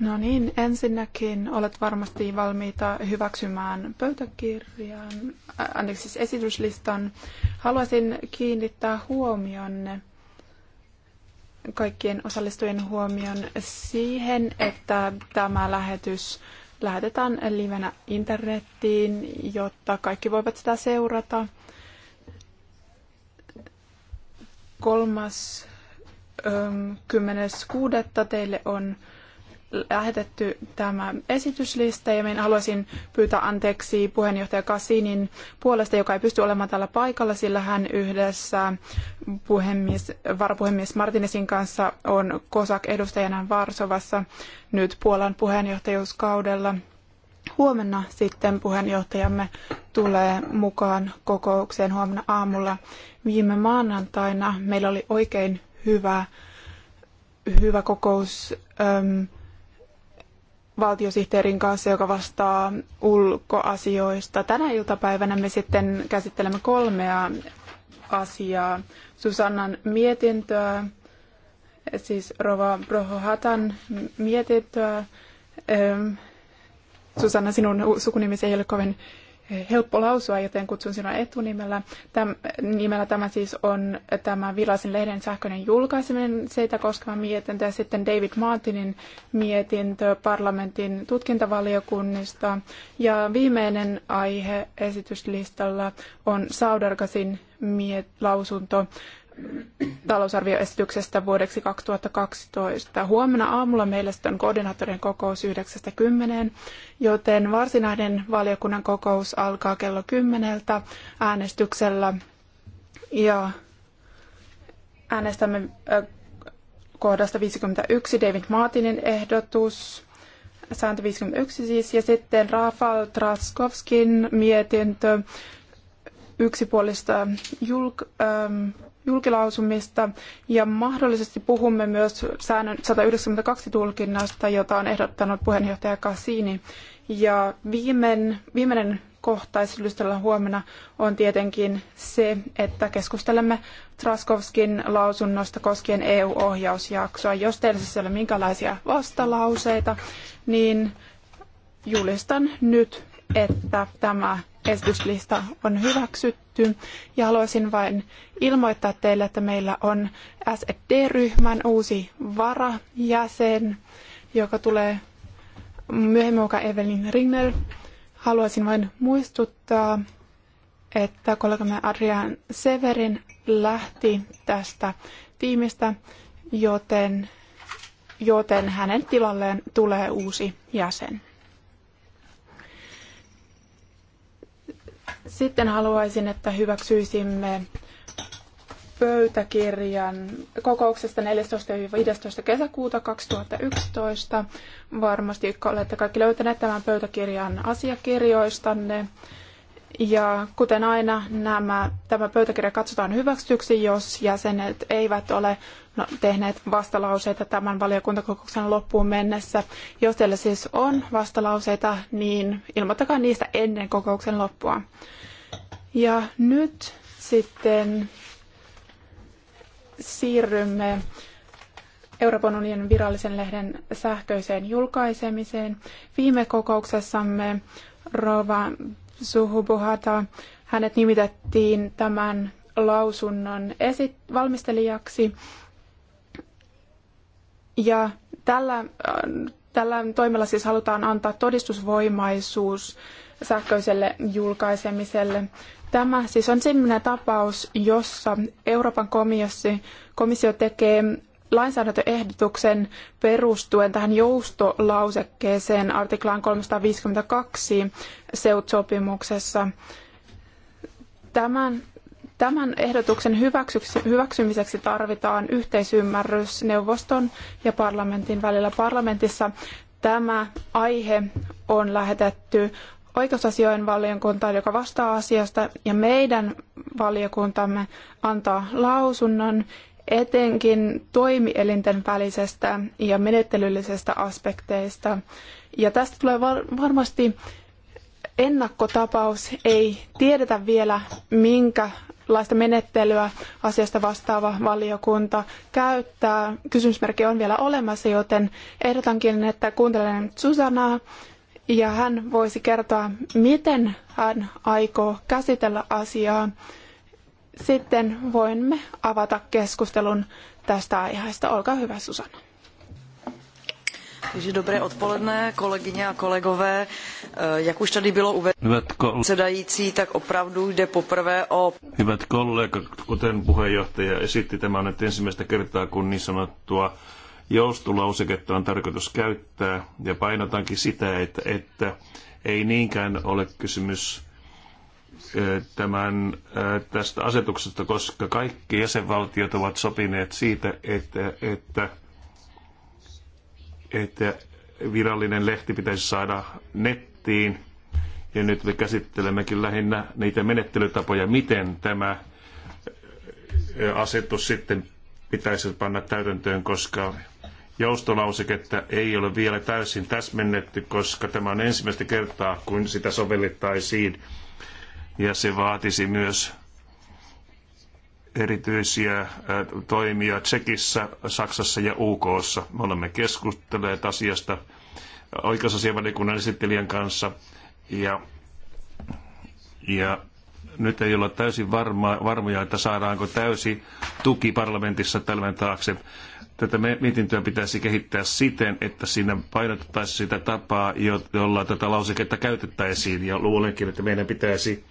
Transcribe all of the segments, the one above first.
No niin, ensinnäkin olet varmasti valmiita hyväksymään pöytäkirjan, anteeksi siis esityslistan. Haluaisin kiinnittää huomionne, kaikkien osallistujien huomion siihen, että tämä lähetys lähetetään livenä internettiin, jotta kaikki voivat sitä seurata. Kolmas kuudetta teille on lähetetty tämä esityslista ja minä haluaisin pyytää anteeksi puheenjohtaja Kasinin puolesta, joka ei pysty olemaan täällä paikalla, sillä hän yhdessä puhemies, varapuhemies Martinesin kanssa on COSAC-edustajana Varsovassa nyt Puolan puheenjohtajuuskaudella. Huomenna sitten puheenjohtajamme tulee mukaan kokoukseen huomenna aamulla. Viime maanantaina meillä oli oikein hyvä, hyvä kokous. Öm, valtiosihteerin kanssa, joka vastaa ulkoasioista. Tänä iltapäivänä me sitten käsittelemme kolmea asiaa. Susannan mietintöä, siis Rova Brohohatan mietintöä. Susanna, sinun sukunimesi ei ole kovin helppo lausua, joten kutsun sinua etunimellä. Täm, nimellä tämä siis on tämä Vilasin lehden sähköinen julkaiseminen, seitä koskeva mietintö ja sitten David Martinin mietintö parlamentin tutkintavaliokunnista. Ja viimeinen aihe esityslistalla on Saudargasin miet- lausunto talousarvioesityksestä vuodeksi 2012. Huomenna aamulla meillä on koordinaattorien kokous 9.10, joten varsinainen valiokunnan kokous alkaa kello 10 äänestyksellä ja äänestämme kohdasta 51 David Martinin ehdotus, sääntö 51 siis, ja sitten Rafael Traskovskin mietintö yksipuolista julk, ähm, julkilausumista ja mahdollisesti puhumme myös säännön 192 tulkinnasta, jota on ehdottanut puheenjohtaja Cassini. Ja viimeinen, viimeinen kohta esityslistalla huomenna on tietenkin se, että keskustelemme Traskovskin lausunnosta koskien EU-ohjausjaksoa. Jos teillä siis ei ole minkälaisia vastalauseita, niin julistan nyt, että tämä esityslista on hyväksytty ja haluaisin vain ilmoittaa teille, että meillä on SED-ryhmän uusi varajäsen, joka tulee myöhemmin mukaan Evelyn Ringner. Haluaisin vain muistuttaa, että kollegamme Adrian Severin lähti tästä tiimistä, joten, joten hänen tilalleen tulee uusi jäsen. Sitten haluaisin, että hyväksyisimme pöytäkirjan kokouksesta 14-15. kesäkuuta 2011. Varmasti olette kaikki löytäneet tämän pöytäkirjan asiakirjoistanne. Ja kuten aina, nämä, tämä pöytäkirja katsotaan hyväksytyksi, jos jäsenet eivät ole No, tehneet vastalauseita tämän valiokuntakokouksen loppuun mennessä. Jos teillä siis on vastalauseita, niin ilmoittakaa niistä ennen kokouksen loppua. Ja nyt sitten siirrymme Euroopan unionin virallisen lehden sähköiseen julkaisemiseen. Viime kokouksessamme Rova Suhubuhata, hänet nimitettiin tämän lausunnon valmistelijaksi ja tällä, tällä toimella siis halutaan antaa todistusvoimaisuus sähköiselle julkaisemiselle. Tämä siis on sellainen tapaus, jossa Euroopan komissio, komissio tekee lainsäädäntöehdotuksen perustuen tähän joustolausekkeeseen artiklaan 352 SEUT-sopimuksessa. Tämän Tämän ehdotuksen hyväksymiseksi tarvitaan yhteisymmärrys neuvoston ja parlamentin välillä. Parlamentissa tämä aihe on lähetetty oikeusasioiden valiokuntaan, joka vastaa asiasta, ja meidän valiokuntamme antaa lausunnon etenkin toimielinten välisestä ja menettelyllisestä aspekteista. Ja tästä tulee varmasti ennakkotapaus. Ei tiedetä vielä, minkälaista menettelyä asiasta vastaava valiokunta käyttää. Kysymysmerkki on vielä olemassa, joten ehdotankin, että kuuntelen nyt Susanaa ja hän voisi kertoa, miten hän aikoo käsitellä asiaa. Sitten voimme avata keskustelun tästä aiheesta. Olkaa hyvä, Susanna. Takže dobré odpoledne, kolegyně a kolegové. Eh, jak už tady bylo uvedeno předající, tak opravdu jde poprvé o... Hyvät kollegat, kuten puheenjohtaja esitti, tämä on nyt ensimmäistä kertaa, kun niin sanottua joustulauseketta on tarkoitus käyttää. Ja painotankin sitä, että, että ei niinkään ole kysymys eh, tämän, eh, tästä asetuksesta, koska kaikki jäsenvaltiot ovat sopineet siitä, että, että että virallinen lehti pitäisi saada nettiin. Ja nyt me käsittelemmekin lähinnä niitä menettelytapoja, miten tämä asetus sitten pitäisi panna täytäntöön, koska joustolauseketta ei ole vielä täysin täsmennetty, koska tämä on ensimmäistä kertaa, kun sitä sovellettaisiin. Ja se vaatisi myös erityisiä toimia Tsekissä, Saksassa ja UKssa. Me olemme keskustelleet asiasta oikeusasianvalikunnan esittelijän kanssa ja, ja nyt ei olla täysin varma, varmoja, että saadaanko täysi tuki parlamentissa tämän taakse. Tätä mietintöä pitäisi kehittää siten, että siinä painotettaisiin sitä tapaa, jolla tätä lauseketta käytettäisiin. Ja luulenkin, että meidän pitäisi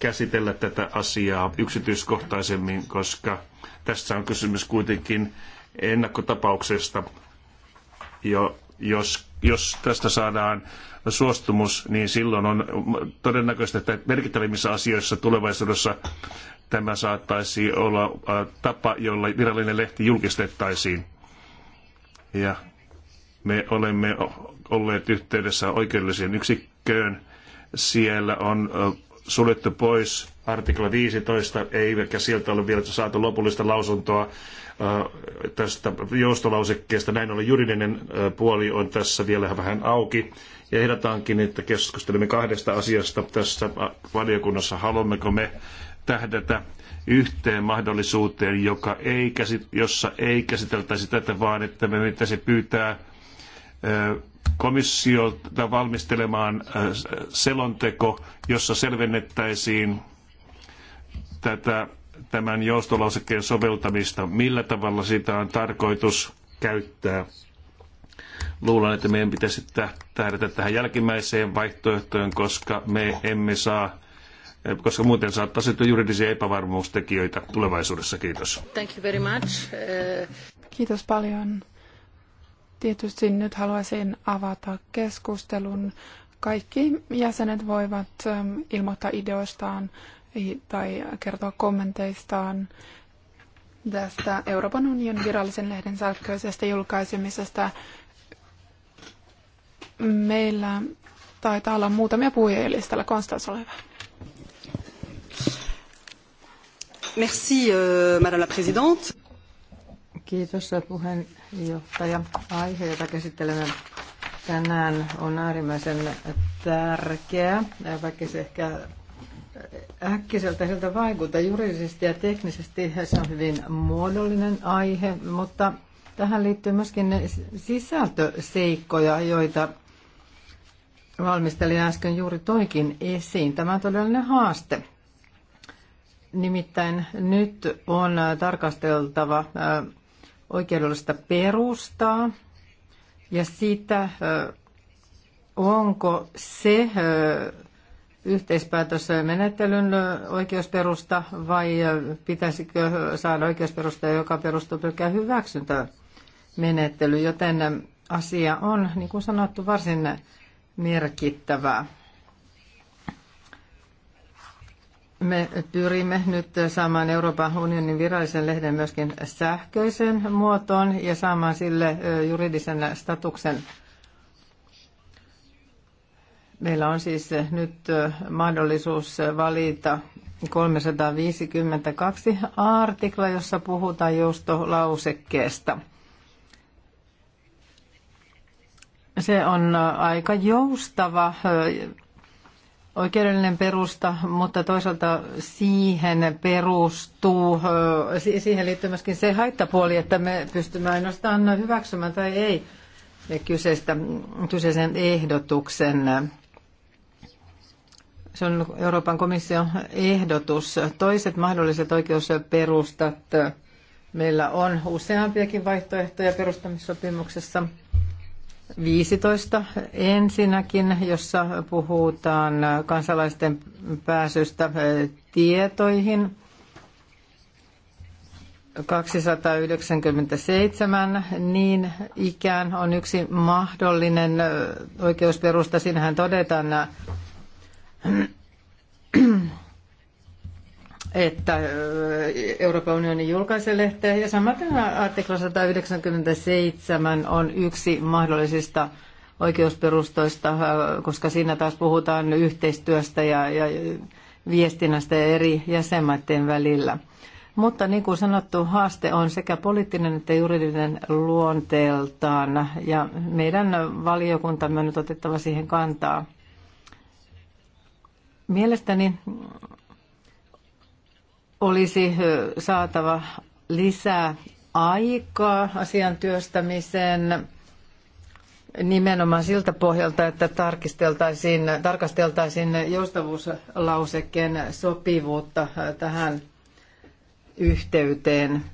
käsitellä tätä asiaa yksityiskohtaisemmin, koska tässä on kysymys kuitenkin ennakkotapauksesta. Jo, jos, jos tästä saadaan suostumus, niin silloin on todennäköistä, että merkittävimmissä asioissa tulevaisuudessa tämä saattaisi olla äh, tapa, jolla virallinen lehti julkistettaisiin. Ja me olemme olleet yhteydessä oikeudelliseen yksikköön. Siellä on äh, suljettu pois artikla 15, eikä sieltä ole vielä saatu lopullista lausuntoa äh, tästä joustolausekkeesta. Näin ollen juridinen äh, puoli on tässä vielä vähän auki. Ja ehdotankin, että keskustelemme kahdesta asiasta tässä äh, valiokunnassa. Haluammeko me tähdätä yhteen mahdollisuuteen, joka ei käsit- jossa ei käsiteltäisi tätä, vaan että me pitäisi pyytää komissiota valmistelemaan selonteko, jossa selvennettäisiin tätä, tämän joustolausekkeen soveltamista, millä tavalla sitä on tarkoitus käyttää. Luulen, että meidän pitäisi tähdätä tähän jälkimmäiseen vaihtoehtoon, koska me emme saa koska muuten saattaa syntyä juridisia epävarmuustekijöitä tulevaisuudessa. Kiitos. Thank you very much. Kiitos paljon. Tietysti nyt haluaisin avata keskustelun. Kaikki jäsenet voivat ähm, ilmoittaa ideoistaan tai kertoa kommenteistaan tästä Euroopan unionin virallisen lehden sähköisestä julkaisemisesta. Meillä taitaa olla muutamia puhujia listalla. Konstans, ole hyvä. Merci, euh, Madame la Présidente. Kiitos äh, puheenjohtaja Johtaja, aihe, jota käsittelemme tänään, on äärimmäisen tärkeä, vaikka se ehkä äkkiseltä siltä vaikuttaa juridisesti ja teknisesti. Se on hyvin muodollinen aihe, mutta tähän liittyy myöskin sisältöseikkoja, joita valmistelin äsken juuri toikin esiin. Tämä on todellinen haaste. Nimittäin nyt on tarkasteltava oikeudellista perustaa ja sitä, onko se menettelyn oikeusperusta vai pitäisikö saada oikeusperusta, joka perustuu pelkkään hyväksyntämenettelyyn, joten asia on, niin kuin sanottu, varsin merkittävä. Me pyrimme nyt saamaan Euroopan unionin virallisen lehden myöskin sähköisen muotoon ja saamaan sille juridisen statuksen. Meillä on siis nyt mahdollisuus valita 352 artikla, jossa puhutaan joustolausekkeesta. Se on aika joustava oikeudellinen perusta, mutta toisaalta siihen perustuu, siihen liittyy myöskin se haittapuoli, että me pystymme ainoastaan hyväksymään tai ei kyseistä, kyseisen ehdotuksen. Se on Euroopan komission ehdotus. Toiset mahdolliset oikeusperustat. Meillä on useampiakin vaihtoehtoja perustamissopimuksessa. 15 ensinnäkin, jossa puhutaan kansalaisten pääsystä eh, tietoihin. 297 niin ikään on yksi mahdollinen eh, oikeusperusta. Siinähän todetaan eh, että Euroopan unioni julkaisee lehteä ja samaten artikla 197 on yksi mahdollisista oikeusperustoista, koska siinä taas puhutaan yhteistyöstä ja, ja viestinnästä eri jäsenmaiden välillä. Mutta niin kuin sanottu, haaste on sekä poliittinen että juridinen luonteeltaan ja meidän valiokuntamme on nyt otettava siihen kantaa. Mielestäni olisi saatava lisää aikaa asian työstämiseen nimenomaan siltä pohjalta, että tarkisteltaisiin, tarkasteltaisiin joustavuuslausekkeen sopivuutta tähän yhteyteen.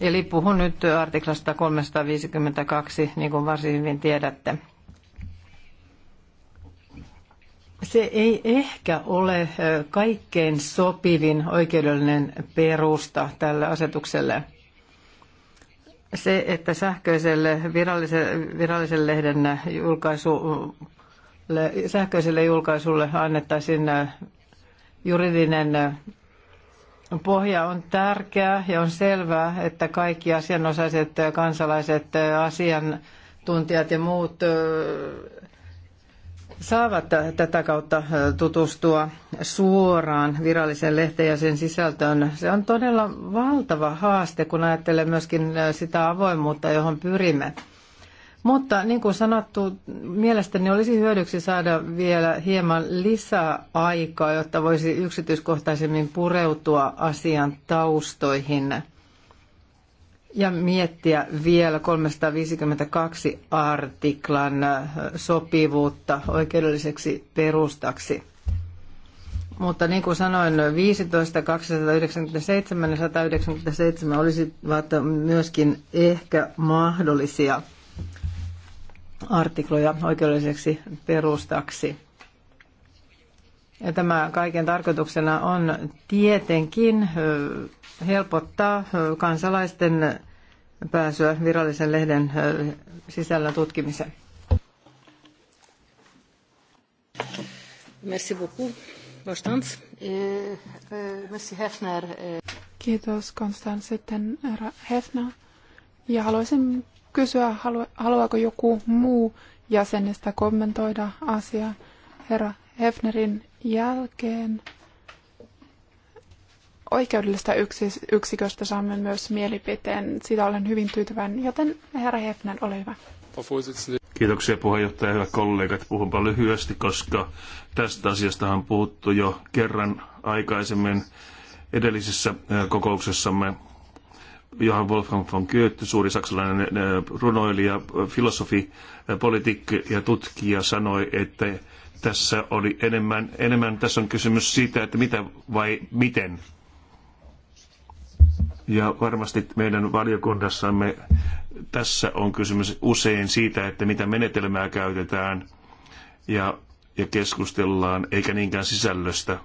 Eli puhun nyt artiklasta 352, niin kuin varsin hyvin tiedätte. Se ei ehkä ole kaikkein sopivin oikeudellinen perusta tälle asetukselle. Se, että sähköiselle virallisen, virallisen lehden julkaisu, sähköiselle julkaisulle annettaisiin juridinen pohja on tärkeä ja on selvää, että kaikki asianosaiset, kansalaiset, asiantuntijat ja muut saavat tätä kautta tutustua suoraan virallisen lehteen ja sen sisältöön. Se on todella valtava haaste, kun ajattelee myöskin sitä avoimuutta, johon pyrimme. Mutta niin kuin sanottu, mielestäni olisi hyödyksi saada vielä hieman lisää aikaa, jotta voisi yksityiskohtaisemmin pureutua asian taustoihin – ja miettiä vielä 352 artiklan äh, sopivuutta oikeudelliseksi perustaksi. Mutta niin kuin sanoin, 15, 297 ja 197 olisivat myöskin ehkä mahdollisia artikloja oikeudelliseksi perustaksi. Ja tämä kaiken tarkoituksena on tietenkin helpottaa kansalaisten pääsyä virallisen lehden sisällä tutkimiseen. Merci beaucoup, Constance. Eh, eh, merci Hefner. Eh. Kiitos Konstans. Sitten Hefner. Ja haluaisin kysyä, haluaako joku muu jäsenistä kommentoida asiaa. Herra Hefnerin jälkeen. Oikeudellisesta yksiköstä saamme myös mielipiteen. Sitä olen hyvin tyytyväinen, joten herra Hefner, ole hyvä. Kiitoksia puheenjohtaja ja hyvät kollegat. Puhunpa lyhyesti, koska tästä asiasta on puhuttu jo kerran aikaisemmin edellisessä kokouksessamme. Johan Wolfgang von Goethe, suuri saksalainen runoilija, filosofi, politiikki ja tutkija sanoi, että tässä oli enemmän, enemmän tässä on kysymys siitä, että mitä vai miten. Ja varmasti meidän valiokunnassamme tässä on kysymys usein siitä, että mitä menetelmää käytetään ja, ja keskustellaan, eikä niinkään sisällöstä.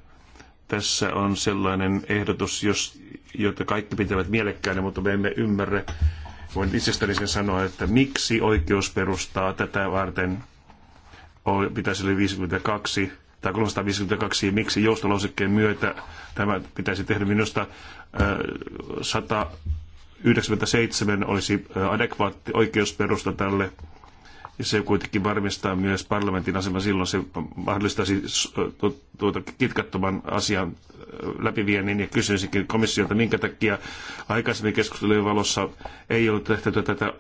Tässä on sellainen ehdotus, jos, jota kaikki pitävät mielekkäänä, mutta me emme ymmärrä. Voin itsestäni sen sanoa, että miksi oikeusperustaa tätä varten pitäisi olla 52 tai 352, miksi joustolausekkeen myötä tämä pitäisi tehdä. Minusta 197 olisi adekvaatti oikeusperusta tälle se kuitenkin varmistaa myös parlamentin aseman silloin, se mahdollistaisi tuota kitkattoman asian läpiviennin ja kysyisinkin komissiolta, minkä takia aikaisemmin keskustelujen valossa ei ollut tehty tätä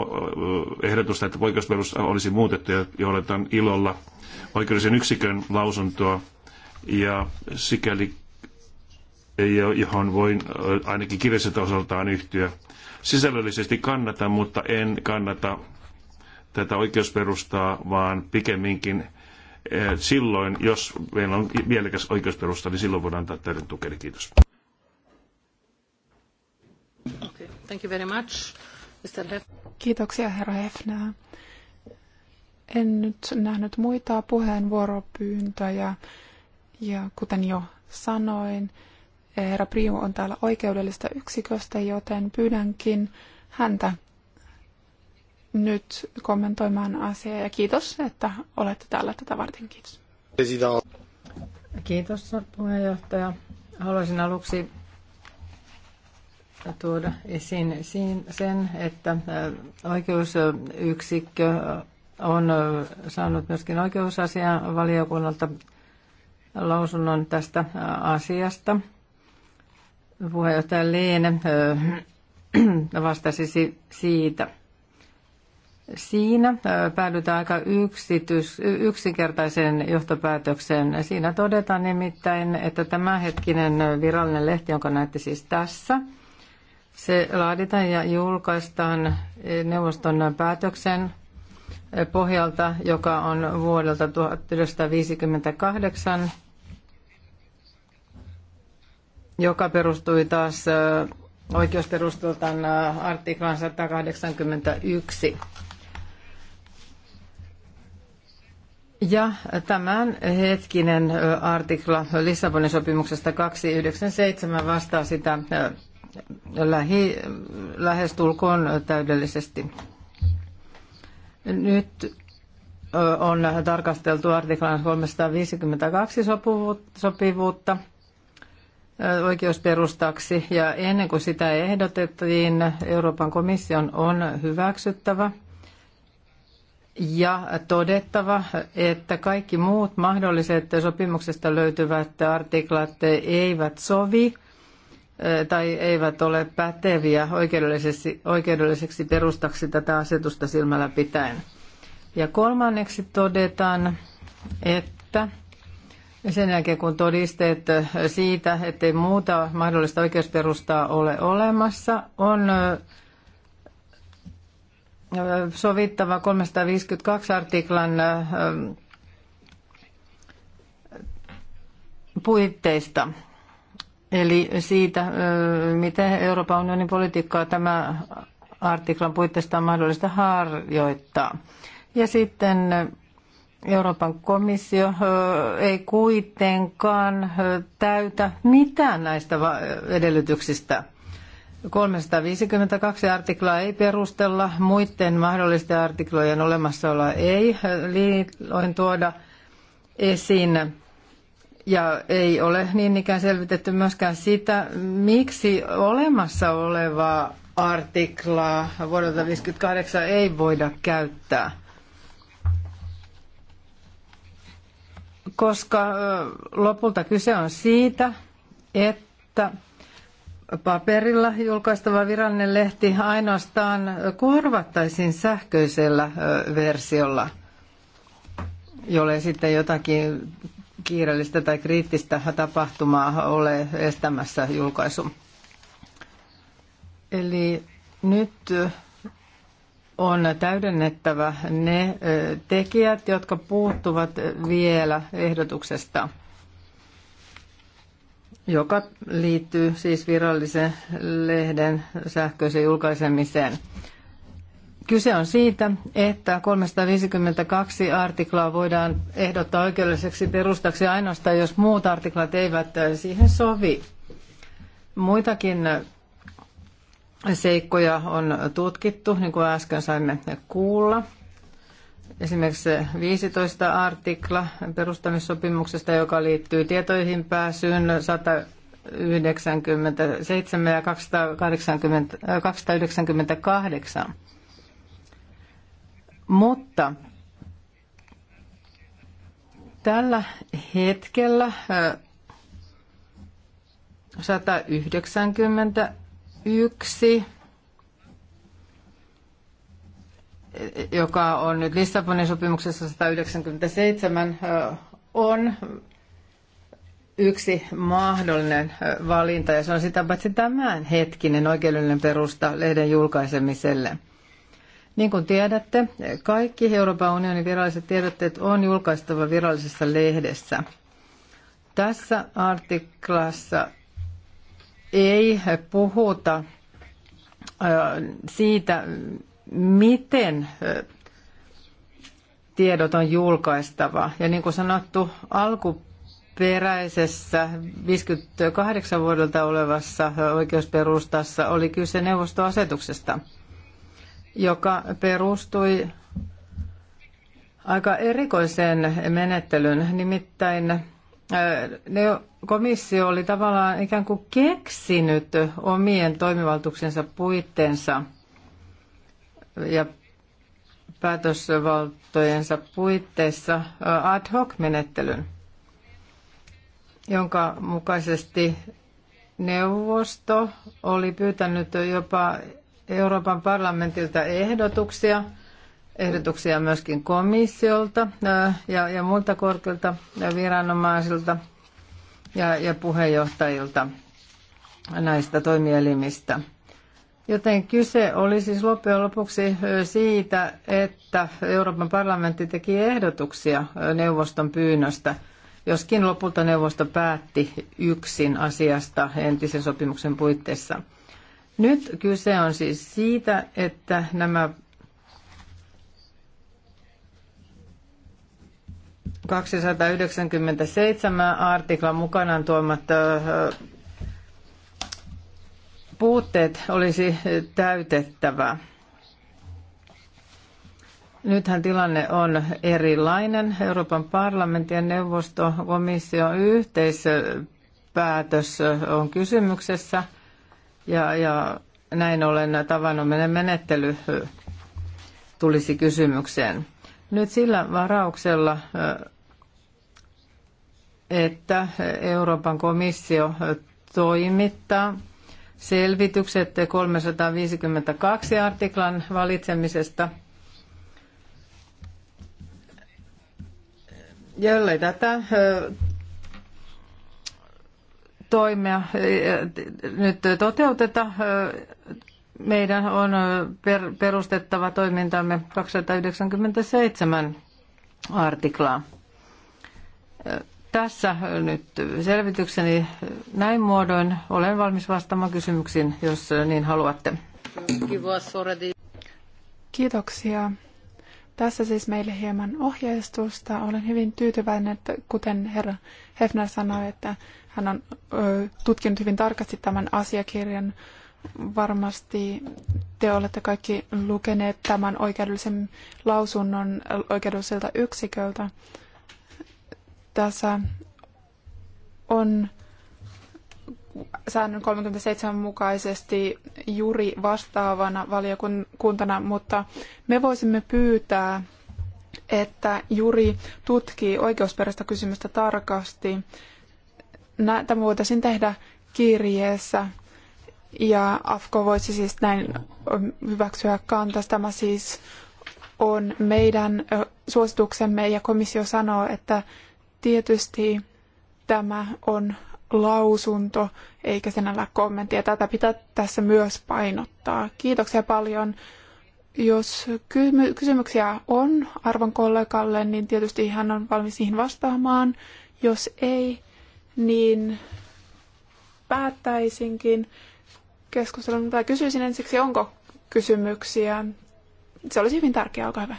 ehdotusta, että oikeusperus olisi muutettu ja johdetaan ilolla oikeudellisen yksikön lausuntoa ja sikäli johon voin ainakin kirjalliselta osaltaan yhtyä. Sisällöllisesti kannatan, mutta en kannata tätä oikeusperustaa, vaan pikemminkin eh, silloin, jos meillä on mielekäs oikeusperusta, niin silloin voidaan antaa täyden tukeni. Kiitos. Okay. Thank you very much. Mr. Kiitoksia, herra Hefner. En nyt nähnyt muita puheenvuoropyyntöjä. Ja kuten jo sanoin, eh, herra Priu on täällä oikeudellista yksiköstä, joten pyydänkin häntä nyt kommentoimaan asiaa ja kiitos, että olette täällä tätä varten. Kiitos. Kiitos puheenjohtaja. Haluaisin aluksi tuoda esiin sen, että oikeusyksikkö on saanut myöskin oikeusasian valiokunnalta lausunnon tästä asiasta. Puheenjohtaja Leene vastasi siitä. Siinä päädytään aika yksitys, yksinkertaisen johtopäätöksen. Siinä todetaan nimittäin, että tämänhetkinen virallinen lehti, jonka näette siis tässä, se laaditaan ja julkaistaan neuvoston päätöksen pohjalta, joka on vuodelta 1958, joka perustui taas oikeusperustultaan artiklan 181. Ja tämän hetkinen artikla Lissabonin sopimuksesta 297 vastaa sitä lähi, lähestulkoon täydellisesti. Nyt on tarkasteltu artiklan 352 sopivuutta oikeusperustaksi ja ennen kuin sitä ehdotettiin, Euroopan komission on hyväksyttävä – ja todettava, että kaikki muut mahdolliset sopimuksesta löytyvät artiklat eivät sovi eh, tai eivät ole päteviä oikeudelliseksi, oikeudelliseksi perustaksi tätä asetusta silmällä pitäen. Ja kolmanneksi todetaan, että sen jälkeen kun todisteet siitä, ettei muuta mahdollista oikeusperustaa ole olemassa, on eh, sovittava 352 artiklan puitteista. Eli siitä, miten Euroopan unionin politiikkaa tämä artiklan puitteista on mahdollista harjoittaa. Ja sitten Euroopan komissio ei kuitenkaan täytä mitään näistä edellytyksistä – 352 artiklaa ei perustella, muiden mahdollisten artiklojen olemassaoloa ei liitoin tuoda esiin. Ja ei ole niin ikään selvitetty myöskään sitä, miksi olemassa olevaa artiklaa vuodelta 1958 ei voida käyttää. Koska lopulta kyse on siitä, että paperilla julkaistava virallinen lehti ainoastaan korvattaisiin sähköisellä versiolla, jolle sitten jotakin kiireellistä tai kriittistä tapahtumaa ole estämässä julkaisu. Eli nyt on täydennettävä ne tekijät, jotka puuttuvat vielä ehdotuksesta – joka liittyy siis virallisen lehden sähköiseen julkaisemiseen. Kyse on siitä, että 352 artiklaa voidaan ehdottaa oikeudelliseksi perustaksi ainoastaan, jos muut artiklat eivät siihen sovi. Muitakin seikkoja on tutkittu, niin kuin äsken saimme kuulla – Esimerkiksi 15 artikla perustamissopimuksesta, joka liittyy tietoihin pääsyyn, 197 ja 280, 298. Äh, Mutta tällä hetkellä 191 äh, joka on nyt Lissabonin sopimuksessa 197, on yksi mahdollinen valinta, ja se on sitä paitsi tämän hetkinen oikeudellinen perusta lehden julkaisemiselle. Niin kuin tiedätte, kaikki Euroopan unionin viralliset tiedotteet on julkaistava virallisessa lehdessä. Tässä artiklassa ei puhuta siitä, miten tiedot on julkaistava. Ja niin kuin sanottu, alkuperäisessä 58 vuodelta olevassa oikeusperustassa oli kyse neuvostoasetuksesta, joka perustui aika erikoiseen menettelyyn. Nimittäin komissio oli tavallaan ikään kuin keksinyt omien toimivaltuuksensa puitteensa – ja päätösvaltojensa puitteissa ad hoc-menettelyn, jonka mukaisesti neuvosto oli pyytänyt jopa Euroopan parlamentilta ehdotuksia, ehdotuksia myöskin komissiolta ja, ja muilta korkeilta ja viranomaisilta ja, ja puheenjohtajilta näistä toimielimistä. Joten kyse oli siis loppujen lopuksi siitä, että Euroopan parlamentti teki ehdotuksia neuvoston pyynnöstä, joskin lopulta neuvosto päätti yksin asiasta entisen sopimuksen puitteissa. Nyt kyse on siis siitä, että nämä ...297 artiklan mukanaan tuomat puutteet olisi täytettävä. Nythän tilanne on erilainen. Euroopan parlamentin ja neuvosto, komission yhteispäätös on kysymyksessä ja, ja näin ollen tavanomainen menettely tulisi kysymykseen. Nyt sillä varauksella, että Euroopan komissio toimittaa selvitykset 352 artiklan valitsemisesta. Jollei tätä toimea nyt toteuteta, meidän on perustettava toimintamme 297 artiklaa. Tässä nyt selvitykseni näin muodoin. Olen valmis vastaamaan kysymyksiin, jos äh, niin haluatte. Kiitoksia. Tässä siis meille hieman ohjeistusta. Olen hyvin tyytyväinen, että kuten herra Hefner sanoi, että hän on tutkinut hyvin tarkasti tämän asiakirjan. Varmasti te olette kaikki lukeneet tämän oikeudellisen lausunnon oikeudelliselta yksiköltä tässä on säännön 37 mukaisesti juri vastaavana valiokuntana, mutta me voisimme pyytää, että juri tutkii oikeusperäistä kysymystä tarkasti. Tämä voitaisiin tehdä kirjeessä ja AFKO voisi siis näin hyväksyä kantaa. Tämä siis on meidän suosituksemme ja komissio sanoo, että Tietysti tämä on lausunto, eikä sen ala kommenttia. Tätä pitää tässä myös painottaa. Kiitoksia paljon. Jos kysymyksiä on arvon kollegalle, niin tietysti hän on valmis niihin vastaamaan. Jos ei, niin päättäisinkin keskustelun, tai kysyisin ensiksi, onko kysymyksiä. Se olisi hyvin tärkeää, olkaa hyvä.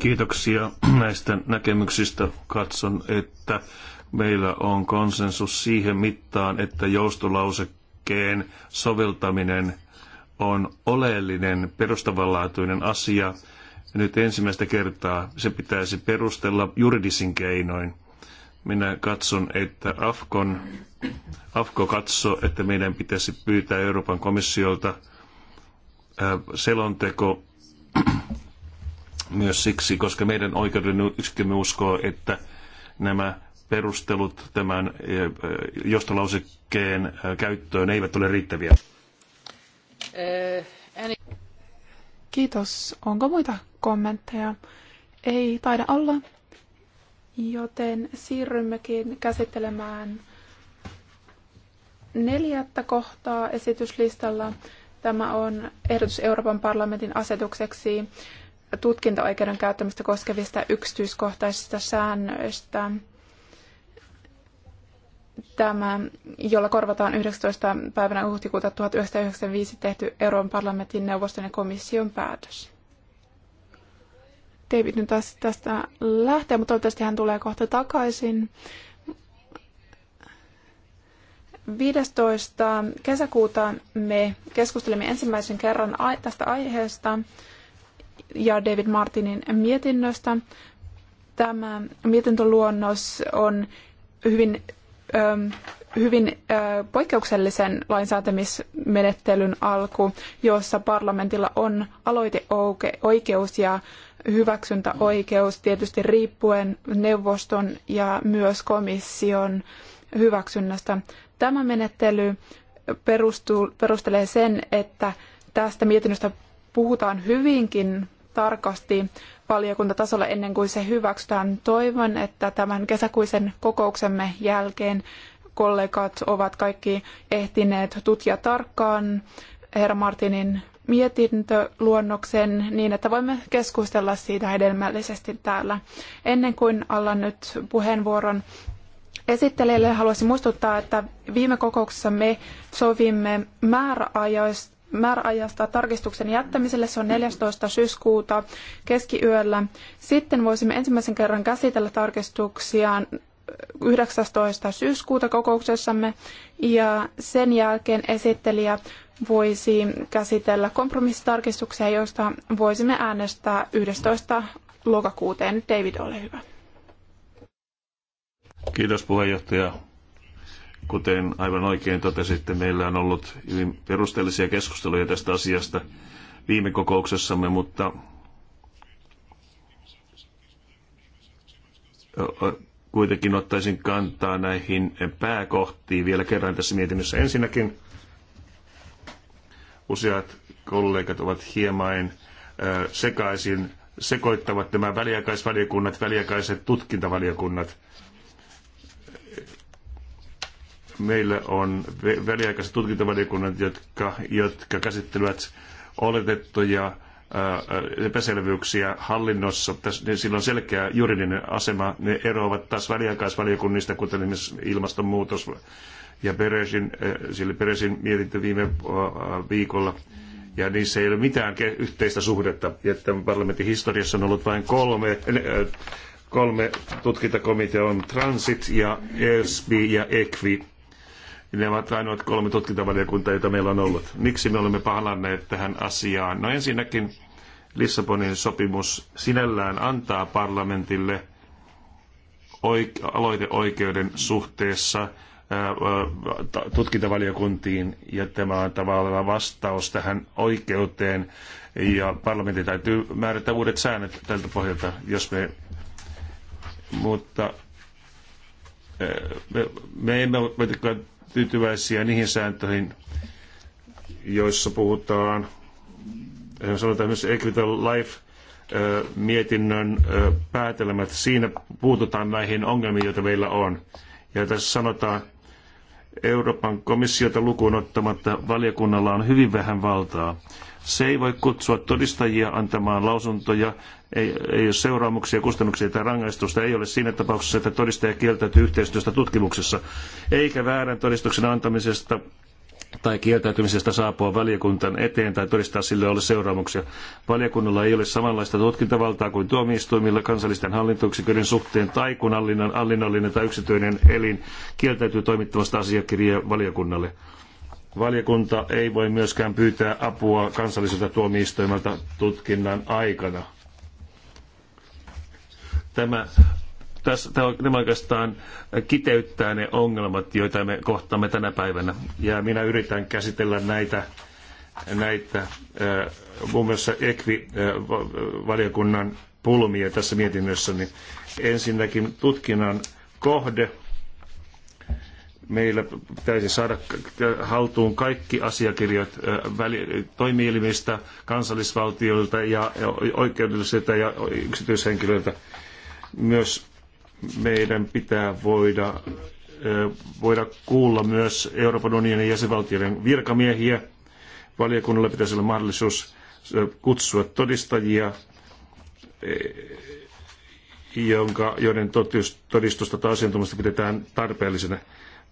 Kiitoksia näistä näkemyksistä. Katson, että meillä on konsensus siihen mittaan, että joustolausekkeen soveltaminen on oleellinen perustavanlaatuinen asia. Nyt ensimmäistä kertaa se pitäisi perustella juridisin keinoin. Minä katson, että Afkon, Afko katsoo, että meidän pitäisi pyytää Euroopan komissiolta selonteko myös siksi, koska meidän oikeuden yksikkömme uskoo, että nämä perustelut tämän eh, eh, jostolausekkeen eh, käyttöön eivät ole riittäviä. Kiitos. Onko muita kommentteja? Ei taida olla, joten siirrymmekin käsittelemään neljättä kohtaa esityslistalla, Tämä on ehdotus Euroopan parlamentin asetukseksi tutkintaoikeuden käyttämistä koskevista yksityiskohtaisista säännöistä. Tämä, jolla korvataan 19. päivänä huhtikuuta 1995 tehty Euroopan parlamentin neuvoston ja komission päätös. David nyt taas tästä lähtee, mutta toivottavasti hän tulee kohta takaisin. 15. kesäkuuta me keskustelimme ensimmäisen kerran tästä aiheesta ja David Martinin mietinnöstä. Tämä mietintöluonnos on hyvin, ähm, hyvin äh, poikkeuksellisen lainsäätämismenettelyn alku, jossa parlamentilla on aloiteoikeus ja hyväksyntäoikeus tietysti riippuen neuvoston ja myös komission hyväksynnästä. Tämä menettely perustuu, perustelee sen, että tästä mietinnöstä puhutaan hyvinkin tarkasti valiokuntatasolla ennen kuin se hyväksytään. Toivon, että tämän kesäkuisen kokouksemme jälkeen kollegat ovat kaikki ehtineet tutkia tarkkaan herra Martinin mietintöluonnoksen niin, että voimme keskustella siitä hedelmällisesti täällä. Ennen kuin alla nyt puheenvuoron Esittelijälle haluaisin muistuttaa, että viime kokouksessa me sovimme määräajoista määräajasta tarkistuksen jättämiselle. Se on 14. syyskuuta keskiyöllä. Sitten voisimme ensimmäisen kerran käsitellä tarkistuksia 19. syyskuuta kokouksessamme ja sen jälkeen esittelijä voisi käsitellä kompromissitarkistuksia, joista voisimme äänestää 11. lokakuuteen. David, ole hyvä. Kiitos puheenjohtaja. Kuten aivan oikein totesitte, meillä on ollut hyvin perusteellisia keskusteluja tästä asiasta viime kokouksessamme, mutta kuitenkin ottaisin kantaa näihin pääkohtiin vielä kerran tässä mietinnössä. Ensinnäkin useat kollegat ovat hieman sekaisin, sekoittavat nämä väliaikaisvaliokunnat, väliaikaiset tutkintavaliokunnat – meillä on väliaikaiset tutkintavaliokunnat, jotka, jotka käsittelevät oletettuja epäselvyyksiä hallinnossa. Niin sillä on selkeä juridinen asema. Ne eroavat taas väliaikaisvaliokunnista, kuten esimerkiksi ilmastonmuutos ja Peresin, sillä Peresin mietintö viime viikolla. Ja niissä ei ole mitään yhteistä suhdetta. Ja tämän parlamentin historiassa on ollut vain kolme, kolme tutkintakomitea on Transit ja ESB ja EQUI ne ovat ainoat kolme tutkintavaliokuntaa, joita meillä on ollut. Miksi me olemme palanneet tähän asiaan? No ensinnäkin Lissabonin sopimus sinällään antaa parlamentille aloiteoikeuden suhteessa tutkintavaliokuntiin ja tämä on tavallaan vastaus tähän oikeuteen ja parlamentti täytyy määrätä uudet säännöt tältä pohjalta, jos me, mutta me, me emme voi tyytyväisiä niihin sääntöihin, joissa puhutaan, eh, sanotaan myös Equitable Life eh, mietinnön eh, päätelmät. Siinä puututaan näihin ongelmiin, joita meillä on. Ja tässä sanotaan, Euroopan komissiota lukuun ottamatta valiokunnalla on hyvin vähän valtaa. Se ei voi kutsua todistajia antamaan lausuntoja ei, ei ole seuraamuksia, kustannuksia tai rangaistusta, ei ole siinä tapauksessa, että todistaja kieltäytyy yhteistyöstä tutkimuksessa, eikä väärän todistuksen antamisesta tai kieltäytymisestä saapua valiokuntan eteen tai todistaa sille ole seuraamuksia. Valiokunnalla ei ole samanlaista tutkintavaltaa kuin tuomioistuimilla kansallisten hallintoyksiköiden suhteen tai kun hallinnollinen tai yksityinen elin kieltäytyy toimittamasta asiakirjaa valiokunnalle. Valiokunta ei voi myöskään pyytää apua kansalliselta tuomioistuimelta tutkinnan aikana. Tämä tässä, tämä oikeastaan kiteyttää ne ongelmat, joita me kohtaamme tänä päivänä. Ja minä yritän käsitellä näitä, näitä muun muassa EKVI-valiokunnan pulmia tässä mietinnössä. Niin ensinnäkin tutkinnan kohde. Meillä pitäisi saada haltuun kaikki asiakirjat toimielimistä, kansallisvaltioilta ja oikeudellisilta ja yksityishenkilöiltä myös meidän pitää voida, voida kuulla myös Euroopan unionin jäsenvaltioiden virkamiehiä. Valiokunnalla pitäisi olla mahdollisuus kutsua todistajia, e, jonka, joiden todistusta tai asiantuntemusta pidetään tarpeellisena.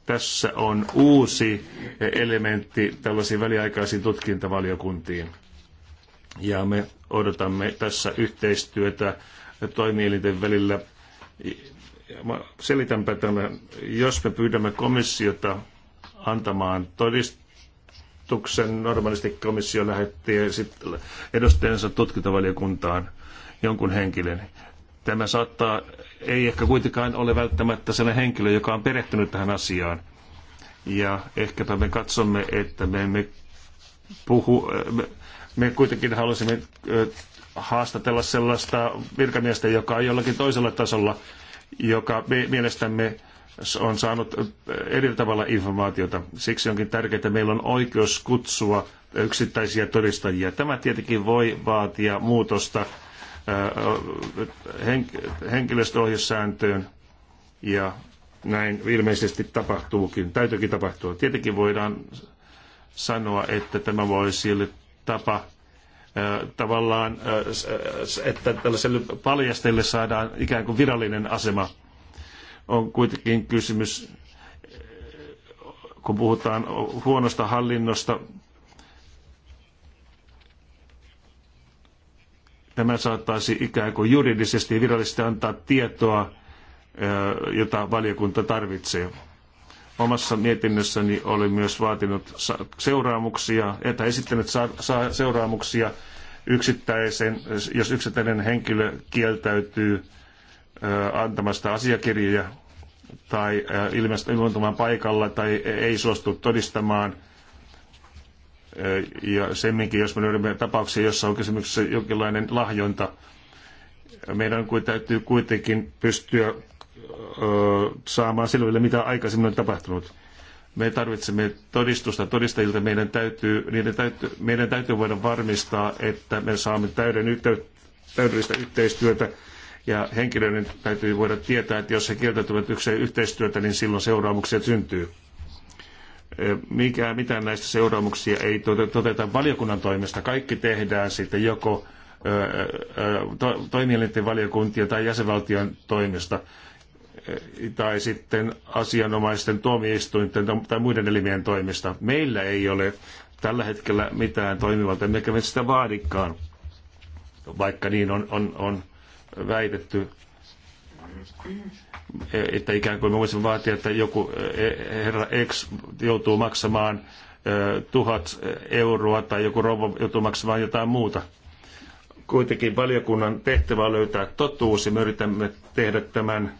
Tässä on uusi elementti tällaisiin väliaikaisiin tutkintavaliokuntiin. Ja me odotamme tässä yhteistyötä toimielinten välillä. Selitänpä tämän, jos me pyydämme komissiota antamaan todistuksen, normaalisti komissio lähetti sitten edustajansa tutkintavaliokuntaan jonkun henkilön. Tämä saattaa, ei ehkä kuitenkaan ole välttämättä sellainen henkilö, joka on perehtynyt tähän asiaan. Ja ehkäpä me katsomme, että me emme puhu, me, me kuitenkin halusimme haastatella sellaista virkamiestä, joka on jollakin toisella tasolla, joka mielestämme on saanut eri tavalla informaatiota. Siksi onkin tärkeää, että meillä on oikeus kutsua yksittäisiä todistajia. Tämä tietenkin voi vaatia muutosta äh, henkilöstöohjesääntöön ja näin ilmeisesti tapahtuukin, täytyykin tapahtua. Tietenkin voidaan sanoa, että tämä voisi olla tapa tavallaan, että tällaiselle paljastajille saadaan ikään kuin virallinen asema. On kuitenkin kysymys, kun puhutaan huonosta hallinnosta, tämä saattaisi ikään kuin juridisesti ja virallisesti antaa tietoa, jota valiokunta tarvitsee omassa mietinnössäni oli myös vaatinut seuraamuksia, että esittänyt saa seuraamuksia yksittäisen, jos yksittäinen henkilö kieltäytyy antamasta asiakirjoja tai ilmoittamaan paikalla tai ei suostu todistamaan. Ja semminkin, jos me löydämme tapauksia, jossa on kysymyksessä jonkinlainen lahjonta, meidän täytyy kuitenkin pystyä saamaan selville, mitä aikaisemmin on tapahtunut. Me tarvitsemme todistusta todistajilta. Meidän täytyy, niiden täytyy, meidän täytyy voida varmistaa, että me saamme täyden yhteyttä, täydellistä yhteistyötä ja henkilöiden täytyy voida tietää, että jos he kieltäytyvät yksin yhteistyötä, niin silloin seuraamuksia syntyy. Mikä, mitään näistä seuraamuksia ei toteuteta valiokunnan toimesta. Kaikki tehdään sitten joko to, toimielinten valiokuntien tai jäsenvaltion toimesta tai sitten asianomaisten tuomioistuinten tai muiden elimien toimista. Meillä ei ole tällä hetkellä mitään toimivaltaa, mikä me sitä vaadikaan, vaikka niin on, on, on väitetty, että ikään kuin me voisimme vaatia, että joku e, herra X joutuu maksamaan e, tuhat euroa tai joku rouva joutuu maksamaan jotain muuta. Kuitenkin valiokunnan tehtävä on löytää totuus ja me yritämme tehdä tämän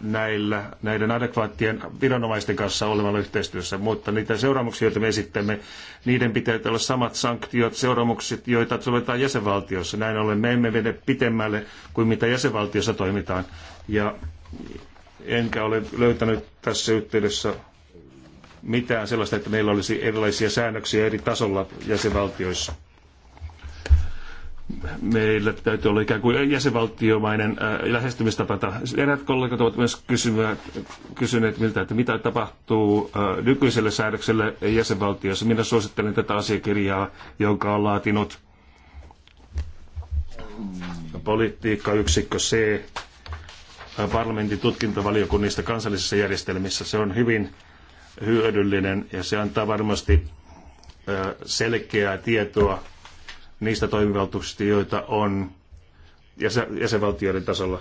näillä, näiden adekvaattien viranomaisten kanssa olevalla yhteistyössä, mutta niitä seuraamuksia, joita me esittämme, niiden pitää olla samat sanktiot, seuraamukset, joita sovitaan jäsenvaltiossa. Näin ollen me emme mene pitemmälle kuin mitä jäsenvaltiossa toimitaan. Ja enkä ole löytänyt tässä yhteydessä mitään sellaista, että meillä olisi erilaisia säännöksiä eri tasolla jäsenvaltioissa meillä täytyy olla ikään kuin jäsenvaltiomainen lähestymistapa. Eräät kollegat ovat myös kysyneet, kysyneet miltä, että mitä tapahtuu nykyiselle säädökselle jäsenvaltiossa. Minä suosittelen tätä asiakirjaa, jonka on laatinut politiikkayksikkö C parlamentin tutkintavaliokunnista kansallisissa järjestelmissä. Se on hyvin hyödyllinen ja se antaa varmasti selkeää tietoa niistä toimivaltuuksista, joita on jäsenvaltioiden tasolla.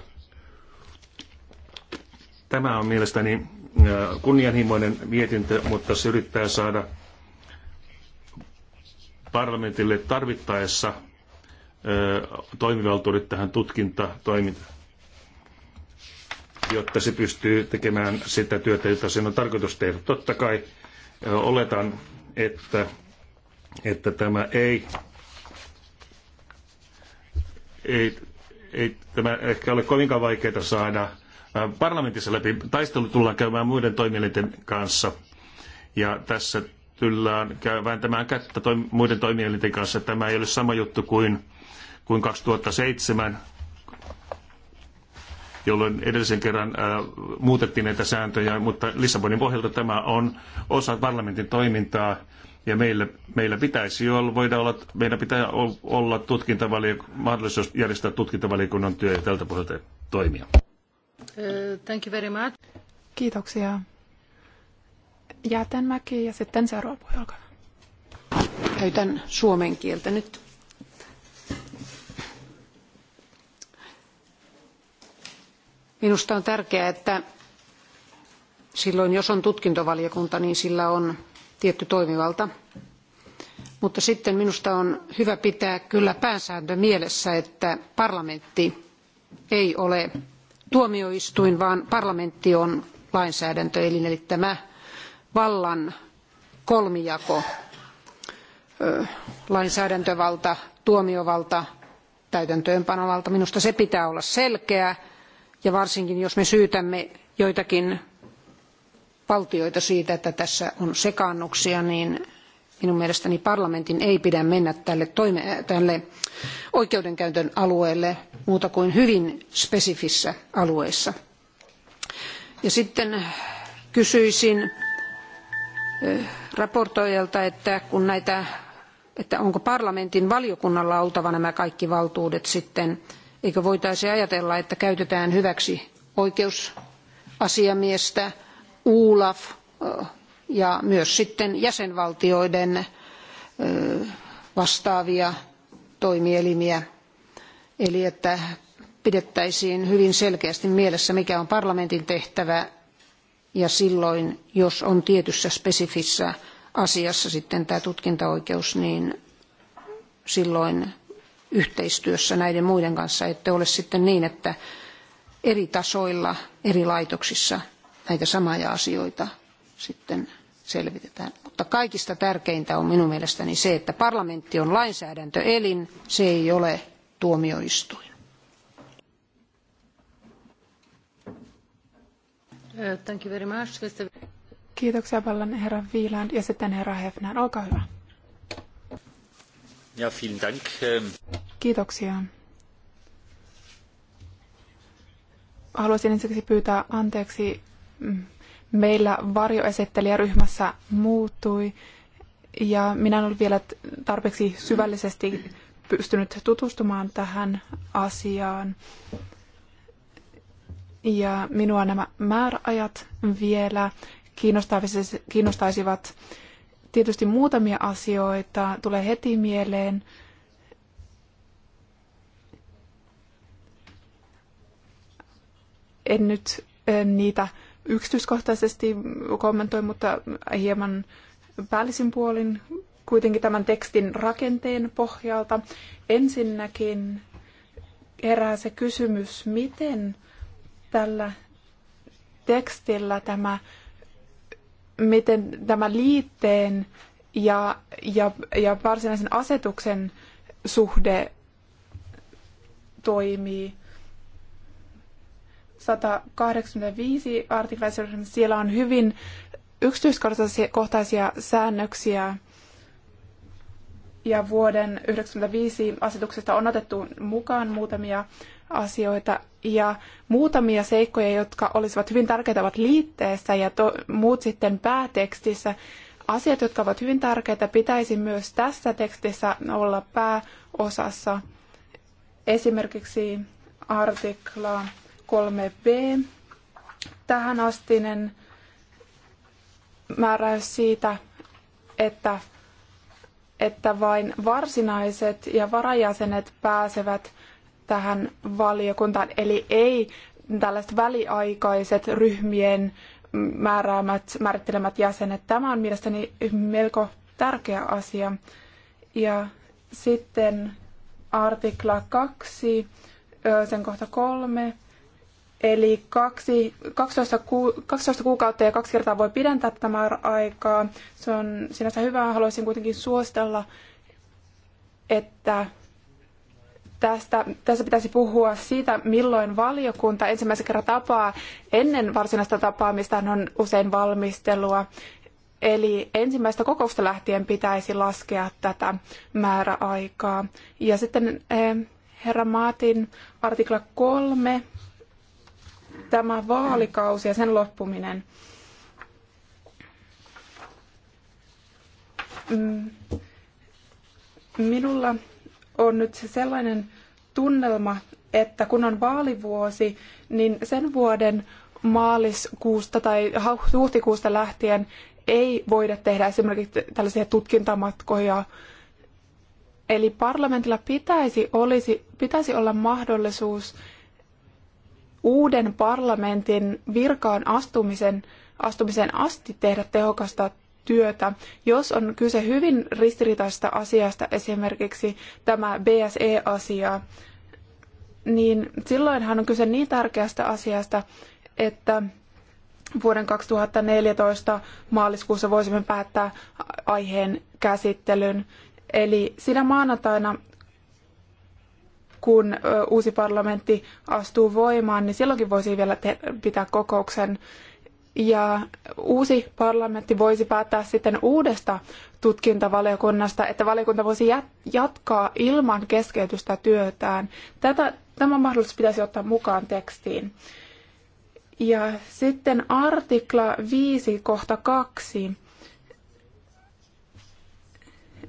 Tämä on mielestäni äh, kunnianhimoinen mietintö, mutta se yrittää saada parlamentille tarvittaessa äh, toimivaltuudet tähän tutkintatoimintaan, jotta se pystyy tekemään sitä työtä, jota sen on tarkoitus tehdä. Totta kai äh, oletan, että, että tämä ei ei, ei tämä ehkä ole kovinkaan vaikeaa saada äh, parlamentissa läpi. Taistelu tullaan käymään muiden toimielinten kanssa. Ja tässä tullaan tämän kättä toi, muiden toimielinten kanssa. Tämä ei ole sama juttu kuin, kuin 2007, jolloin edellisen kerran äh, muutettiin näitä sääntöjä, mutta Lissabonin pohjalta tämä on osa parlamentin toimintaa ja meillä, meillä pitäisi olla, voida olla, meidän pitää olla tutkintavalio, mahdollisuus järjestää tutkintavaliokunnan työ ja tältä pohjalta toimia. Uh, thank you very much. Kiitoksia. Jätenmäki ja sitten seuraava puhelka. Käytän suomen kieltä nyt. Minusta on tärkeää, että silloin jos on tutkintovaliokunta, niin sillä on tietty toimivalta. Mutta sitten minusta on hyvä pitää kyllä pääsääntö mielessä, että parlamentti ei ole tuomioistuin, vaan parlamentti on lainsäädäntöelin, eli tämä vallan kolmijako, lainsäädäntövalta, tuomiovalta, täytäntöönpanovalta, minusta se pitää olla selkeä, ja varsinkin jos me syytämme joitakin valtioita siitä, että tässä on sekaannuksia, niin minun mielestäni parlamentin ei pidä mennä tälle, toime, tälle oikeudenkäytön alueelle muuta kuin hyvin spesifissä alueissa. Ja sitten kysyisin eh, raportoijalta, että kun näitä että onko parlamentin valiokunnalla oltava nämä kaikki valtuudet sitten, eikö voitaisi ajatella, että käytetään hyväksi oikeusasiamiestä, ULAF ja myös sitten jäsenvaltioiden vastaavia toimielimiä. Eli että pidettäisiin hyvin selkeästi mielessä, mikä on parlamentin tehtävä ja silloin, jos on tietyssä spesifissä asiassa sitten tämä tutkintaoikeus, niin silloin yhteistyössä näiden muiden kanssa, ette ole sitten niin, että eri tasoilla, eri laitoksissa näitä samoja asioita sitten selvitetään. Mutta kaikista tärkeintä on minun mielestäni se, että parlamentti on lainsäädäntöelin, se ei ole tuomioistuin. Uh, thank you very much. Kiitoksia paljon herra Wieland ja sitten herra Hefner. Olkaa hyvä. Ja, vielen Dank. Ähm, Kiitoksia. Haluaisin ensiksi pyytää anteeksi meillä varjoesittelijäryhmässä muuttui ja minä en ollut vielä tarpeeksi syvällisesti pystynyt tutustumaan tähän asiaan. Ja minua nämä määräajat vielä kiinnostaisivat. Tietysti muutamia asioita tulee heti mieleen. En nyt eh, niitä yksityiskohtaisesti kommentoi, mutta hieman päällisin puolin kuitenkin tämän tekstin rakenteen pohjalta. Ensinnäkin herää se kysymys, miten tällä tekstillä tämä, miten tämä liitteen ja, ja, ja varsinaisen asetuksen suhde toimii. 185 artiklassa, siellä on hyvin yksityiskohtaisia säännöksiä ja vuoden 1995 asetuksesta on otettu mukaan muutamia asioita ja muutamia seikkoja, jotka olisivat hyvin tärkeitä, ovat liitteessä ja to, muut sitten päätekstissä. Asiat, jotka ovat hyvin tärkeitä, pitäisi myös tässä tekstissä olla pääosassa. Esimerkiksi artikla 3b. Tähän astinen määräys siitä, että, että vain varsinaiset ja varajäsenet pääsevät tähän valiokuntaan, eli ei tällaiset väliaikaiset ryhmien määräämät, määrittelemät jäsenet. Tämä on mielestäni melko tärkeä asia. Ja sitten artikla 2, sen kohta 3. Eli kaksi, 12, ku, 12 kuukautta ja kaksi kertaa voi pidentää tämä aikaa. Se on sinänsä hyvä Haluaisin kuitenkin suostella, että tästä, tässä pitäisi puhua siitä, milloin valiokunta ensimmäisen kerran tapaa. Ennen varsinaista tapaamista on usein valmistelua. Eli ensimmäistä kokousta lähtien pitäisi laskea tätä määräaikaa. Ja sitten eh, herra Maatin artikla 3 tämä vaalikausi ja sen loppuminen. Mm. Minulla on nyt sellainen tunnelma, että kun on vaalivuosi, niin sen vuoden maaliskuusta tai huhtikuusta lähtien ei voida tehdä esimerkiksi tällaisia tutkintamatkoja. Eli parlamentilla pitäisi, olisi, pitäisi olla mahdollisuus uuden parlamentin virkaan astumisen, astumisen asti tehdä tehokasta työtä. Jos on kyse hyvin ristiriitaisesta asiasta, esimerkiksi tämä BSE-asia, niin silloinhan on kyse niin tärkeästä asiasta, että vuoden 2014 maaliskuussa voisimme päättää aiheen käsittelyn. Eli sinä maanantaina, kun uusi parlamentti astuu voimaan, niin silloinkin voisi vielä pitää kokouksen. Ja uusi parlamentti voisi päättää sitten uudesta tutkintavaliokunnasta, että valiokunta voisi jatkaa ilman keskeytystä työtään. Tätä, tämä mahdollisuus pitäisi ottaa mukaan tekstiin. Ja sitten artikla 5 kohta 2.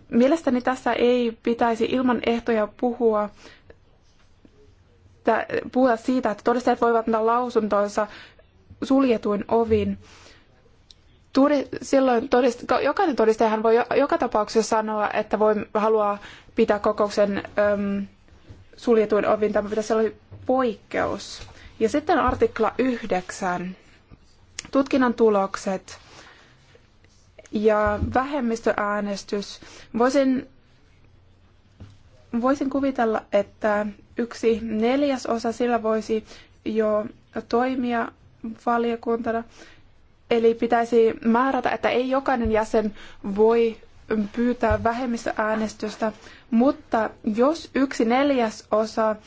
Mielestäni tässä ei pitäisi ilman ehtoja puhua puhua siitä, että todistajat voivat antaa lausuntonsa suljetuin ovin. silloin todist, jokainen todistajahan voi joka tapauksessa sanoa, että voi, haluaa pitää kokouksen äm, suljetuin ovin. Tämä pitäisi olla poikkeus. Ja sitten artikla 9. Tutkinnan tulokset ja vähemmistöäänestys. Voisin Voisin kuvitella, että yksi neljäs osa sillä voisi jo toimia valiokuntana. Eli pitäisi määrätä, että ei jokainen jäsen voi pyytää vähemmistöäänestystä, mutta jos yksi neljäs ö, ähm,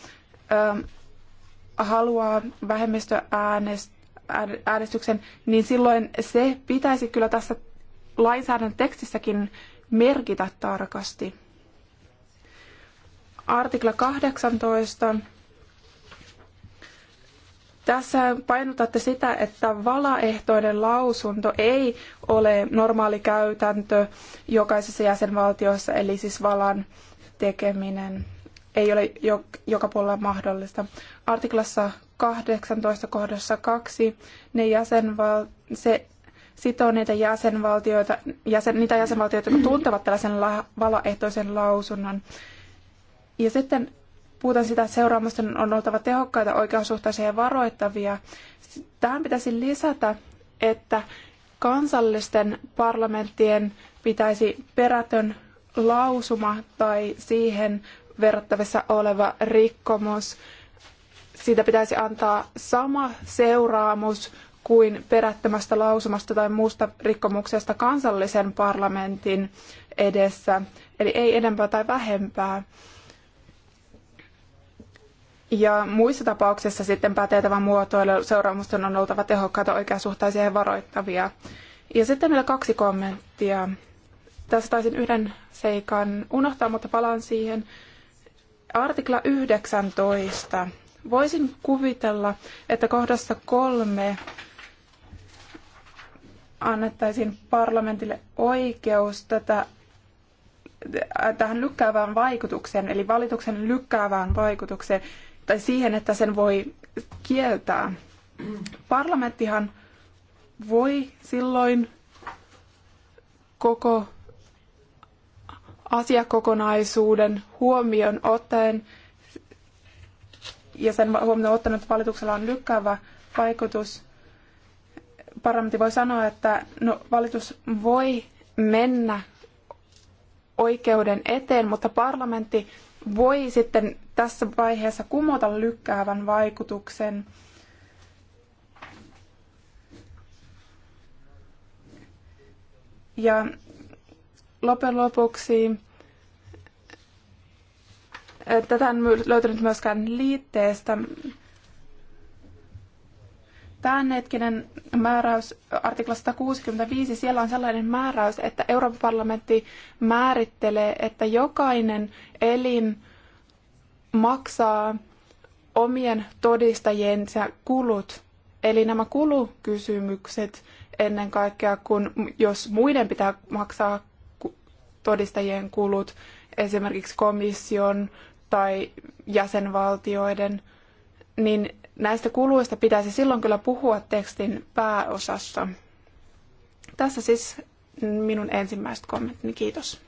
haluaa vähemmistöäänestyksen, niin silloin se pitäisi kyllä tässä lainsäädännön tekstissäkin merkitä tarkasti artikla 18. Tässä painotatte sitä, että valaehtoinen lausunto ei ole normaali käytäntö jokaisessa jäsenvaltiossa, eli siis valan tekeminen ei ole joka puolella mahdollista. Artiklassa 18 kohdassa 2 ne jäsenval- se sitoo niitä jäsenvaltioita, jäsen, niitä jäsenvaltioita, jotka tuntevat tällaisen la- valaehtoisen lausunnon ja sitten puhutaan sitä, että seuraamusten on oltava tehokkaita, oikeasuhtaisia ja varoittavia. Tähän pitäisi lisätä, että kansallisten parlamenttien pitäisi perätön lausuma tai siihen verrattavissa oleva rikkomus, siitä pitäisi antaa sama seuraamus kuin perättömästä lausumasta tai muusta rikkomuksesta kansallisen parlamentin edessä. Eli ei enempää tai vähempää. Ja muissa tapauksissa sitten pätevä muotoilu seuraamusten on oltava tehokkaita, oikeasuhtaisia ja varoittavia. Ja sitten vielä kaksi kommenttia. Tässä taisin yhden seikan unohtaa, mutta palaan siihen. Artikla 19. Voisin kuvitella, että kohdassa kolme annettaisiin parlamentille oikeus tätä tähän lykkäävään vaikutukseen, eli valituksen lykkäävään vaikutukseen tai siihen, että sen voi kieltää. Parlamenttihan voi silloin koko asiakokonaisuuden huomioon ottaen ja sen huomioon ottanut, että valituksella on lykkäävä vaikutus. Parlamentti voi sanoa, että no, valitus voi mennä oikeuden eteen, mutta parlamentti voi sitten tässä vaiheessa kumota lykkäävän vaikutuksen. Ja lopen lopuksi tätä en löytänyt myöskään liitteestä. Tämänhetkinen määräys artikla 165, siellä on sellainen määräys, että Euroopan parlamentti määrittelee, että jokainen elin maksaa omien todistajiensa kulut. Eli nämä kulukysymykset ennen kaikkea, kun jos muiden pitää maksaa todistajien kulut, esimerkiksi komission tai jäsenvaltioiden, niin näistä kuluista pitäisi silloin kyllä puhua tekstin pääosassa. Tässä siis minun ensimmäiset kommenttini. Kiitos.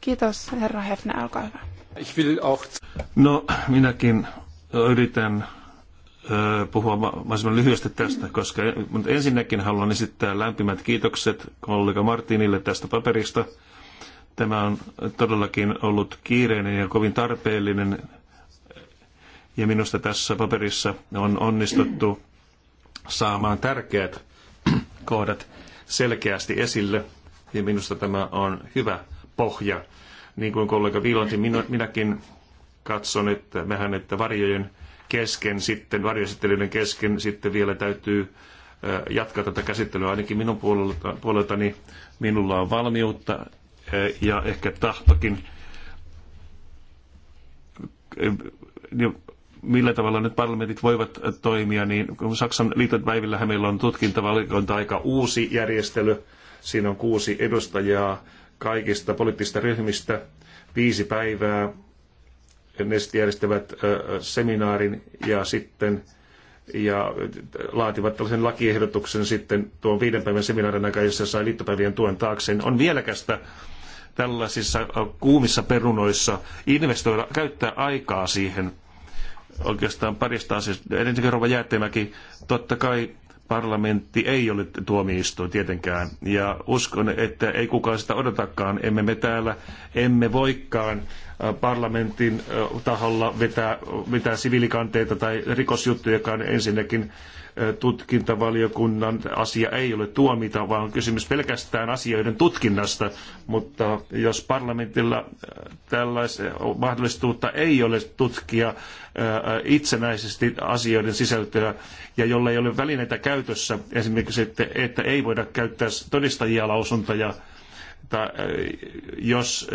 Kiitos, herra Hefner, olkaa hyvä. Ich will auch... No, minäkin yritän puhua mahdollisimman lyhyesti tästä, koska mutta ensinnäkin haluan esittää lämpimät kiitokset kollega Martinille tästä paperista. Tämä on todellakin ollut kiireinen ja kovin tarpeellinen ja minusta tässä paperissa on onnistuttu saamaan tärkeät kohdat selkeästi esille ja minusta tämä on hyvä pohja niin kuin kollega Viilanti, minäkin katson, että mehän, että varjojen kesken sitten, varjoesittelyiden kesken sitten vielä täytyy jatkaa tätä käsittelyä. Ainakin minun puolelta, puoleltani minulla on valmiutta ja ehkä tahtokin. Millä tavalla nyt parlamentit voivat toimia, niin Saksan päivillähän meillä on tutkintavalikointa aika uusi järjestely. Siinä on kuusi edustajaa kaikista poliittisista ryhmistä viisi päivää. Ne järjestävät seminaarin ja sitten ja laativat tällaisen lakiehdotuksen sitten tuon viiden päivän seminaarin aikana, jossa sai liittopäivien tuen taakseen. On vieläkästä tällaisissa kuumissa perunoissa investoida, käyttää aikaa siihen. Oikeastaan parista asiasta. kuin Rova Jäätemäki, totta kai parlamentti ei ole tuomioistuin tietenkään. Ja uskon, että ei kukaan sitä odotakaan. Emme me täällä, emme voikaan äh, parlamentin äh, taholla vetää mitään siviilikanteita tai rikosjuttujakaan ensinnäkin tutkintavaliokunnan asia ei ole tuomita, vaan on kysymys pelkästään asioiden tutkinnasta. Mutta jos parlamentilla äh, tällaista mahdollisuutta ei ole tutkia äh, itsenäisesti asioiden sisältöä, ja jolla ei ole välineitä käytössä, esimerkiksi että, että ei voida käyttää todistajia lausuntoja, että äh, jos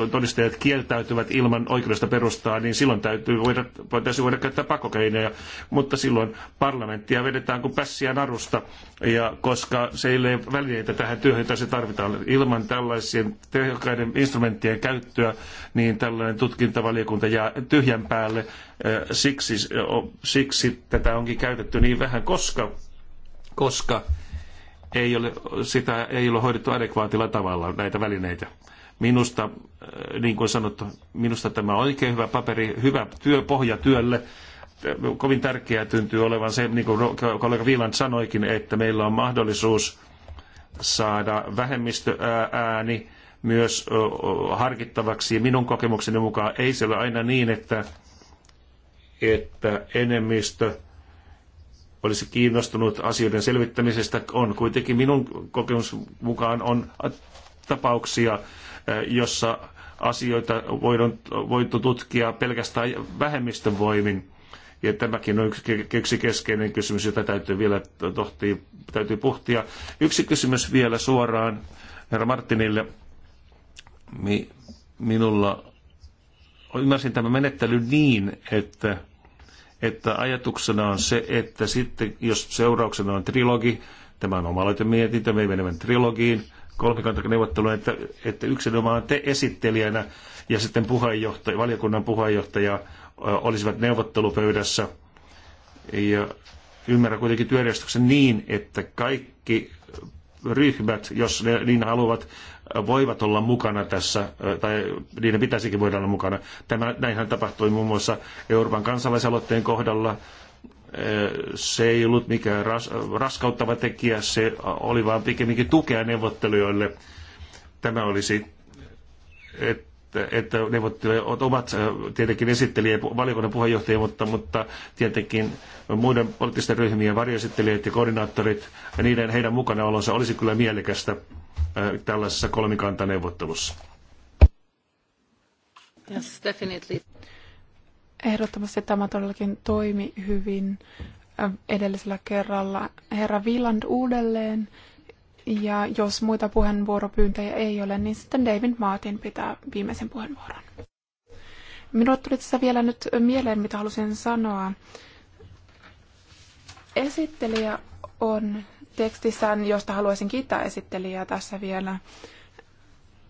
äh, todistajat kieltäytyvät ilman oikeudesta perustaa, niin silloin täytyy voida, voitaisiin voida käyttää pakokeinoja, mutta silloin parlamenttia vedetään kuin pässiä narusta, ja koska se ei ole välineitä tähän työhön, jota se tarvitaan ilman tällaisien tehokkaiden instrumenttien käyttöä, niin tällainen tutkintavaliokunta jää tyhjän päälle. Äh, siksi, siksi tätä onkin käytetty niin vähän, koska koska ei ole, sitä ei ole hoidettu adekvaatilla tavalla näitä välineitä. Minusta, äh, niin kuin sanottu, minusta tämä on oikein hyvä paperi, hyvä työpohja työlle. Kovin tärkeää tuntuu olevan se, niin kuin no, kollega Viiland sanoikin, että meillä on mahdollisuus saada vähemmistöääni myös harkittavaksi. Minun kokemukseni mukaan ei se ole aina niin, että, että enemmistö olisi kiinnostunut asioiden selvittämisestä, on kuitenkin minun kokemus mukaan on tapauksia, eh, jossa asioita voidaan, voitu tutkia pelkästään vähemmistön voimin. Ja tämäkin on yksi, keskeinen kysymys, jota täytyy vielä tohtii, täytyy puhtia. Yksi kysymys vielä suoraan herra Martinille. Mi, minulla ymmärsin tämän menettelyn niin, että että ajatuksena on se, että sitten jos seurauksena on trilogi, tämä on oma mietintö, me menemme trilogiin, kolmikantaneuvotteluun, että, että yksinomaan te esittelijänä ja sitten puheenjohtaja, valiokunnan puheenjohtaja olisivat neuvottelupöydässä. Ja ymmärrän kuitenkin työjärjestyksen niin, että kaikki ryhmät, jos ne niin haluavat, voivat olla mukana tässä, tai niiden pitäisikin voida olla mukana. Tämä, näinhän tapahtui muun muassa Euroopan kansalaisaloitteen kohdalla. Se ei ollut mikään ras, raskauttava tekijä, se oli vaan pikemminkin tukea neuvottelijoille. Tämä olisi, että että neuvottelijat ovat tietenkin esittelijä valiokunnan puheenjohtaja, mutta, mutta tietenkin muiden poliittisten ryhmien varjoesittelijät ja koordinaattorit ja niiden, heidän mukanaolonsa olisi kyllä mielekästä. Äh, tällaisessa kolmikantaneuvottelussa? Yes, definitely. Ehdottomasti tämä todellakin toimi hyvin äh, edellisellä kerralla. Herra Villand uudelleen. Ja jos muita puheenvuoropyyntöjä ei ole, niin sitten David Martin pitää viimeisen puheenvuoron. Minulle tuli tässä vielä nyt mieleen, mitä halusin sanoa. Esittelijä on tekstissään, josta haluaisin kiittää esittelijää tässä vielä,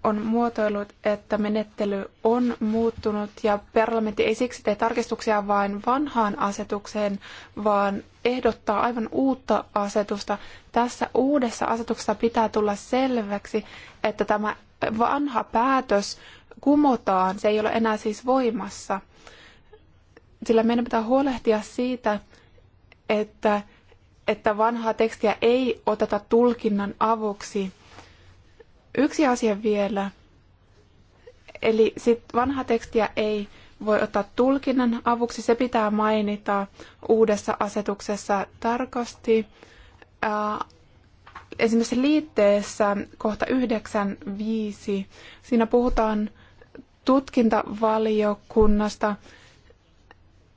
on muotoillut, että menettely on muuttunut ja parlamentti ei siksi tee tarkistuksia vain vanhaan asetukseen, vaan ehdottaa aivan uutta asetusta. Tässä uudessa asetuksessa pitää tulla selväksi, että tämä vanha päätös kumotaan, se ei ole enää siis voimassa. Sillä meidän pitää huolehtia siitä, että että vanhaa tekstiä ei oteta tulkinnan avuksi. Yksi asia vielä. Eli sit vanhaa tekstiä ei voi ottaa tulkinnan avuksi. Se pitää mainita uudessa asetuksessa tarkasti. Äh, esimerkiksi liitteessä kohta 9.5. Siinä puhutaan tutkintavaliokunnasta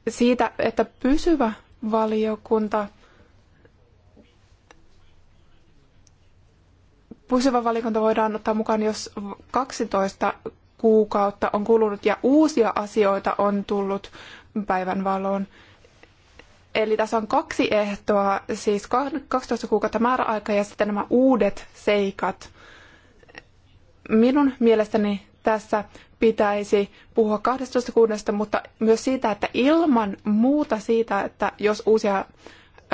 siitä, että pysyvä valiokunta – pysyvä valikunta voidaan ottaa mukaan, jos 12 kuukautta on kulunut ja uusia asioita on tullut päivänvaloon. Eli tässä on kaksi ehtoa, siis 12 kuukautta määräaika ja sitten nämä uudet seikat. Minun mielestäni tässä pitäisi puhua 12 kuudesta, mutta myös siitä, että ilman muuta siitä, että jos uusia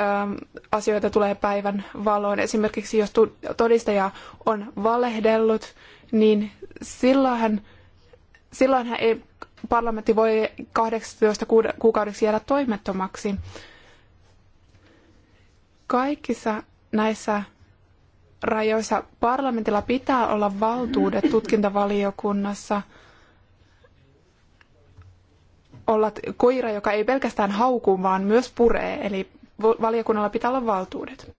Ähm, asioita tulee päivän valoon. Esimerkiksi jos todistaja on valehdellut, niin silloinhan, silloinhan ei parlamentti voi 18 kuukaudeksi jäädä toimettomaksi. Kaikissa näissä rajoissa parlamentilla pitää olla valtuudet tutkintavaliokunnassa olla koira, joka ei pelkästään hauku, vaan myös puree. Eli valiokunnalla pitää olla valtuudet.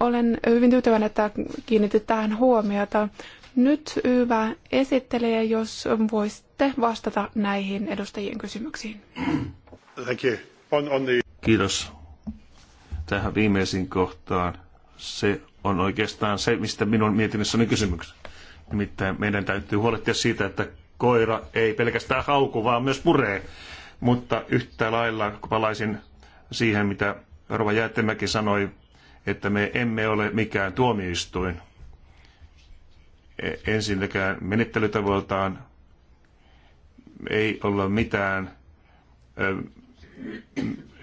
Olen hyvin tyytyväinen, että kiinnitit tähän huomiota. Nyt hyvä esittelijä, jos voisitte vastata näihin edustajien kysymyksiin. Thank you. On, on the... Kiitos. Tähän viimeisiin kohtaan. Se on oikeastaan se, mistä minun mietinnössäni kysymys. Nimittäin meidän täytyy huolehtia siitä, että koira ei pelkästään hauku, vaan myös puree. Mutta yhtä lailla, kun palaisin siihen, mitä Rova Jäätemäki sanoi, että me emme ole mikään tuomioistuin. E, ensinnäkään menettelytavoiltaan ei olla mitään,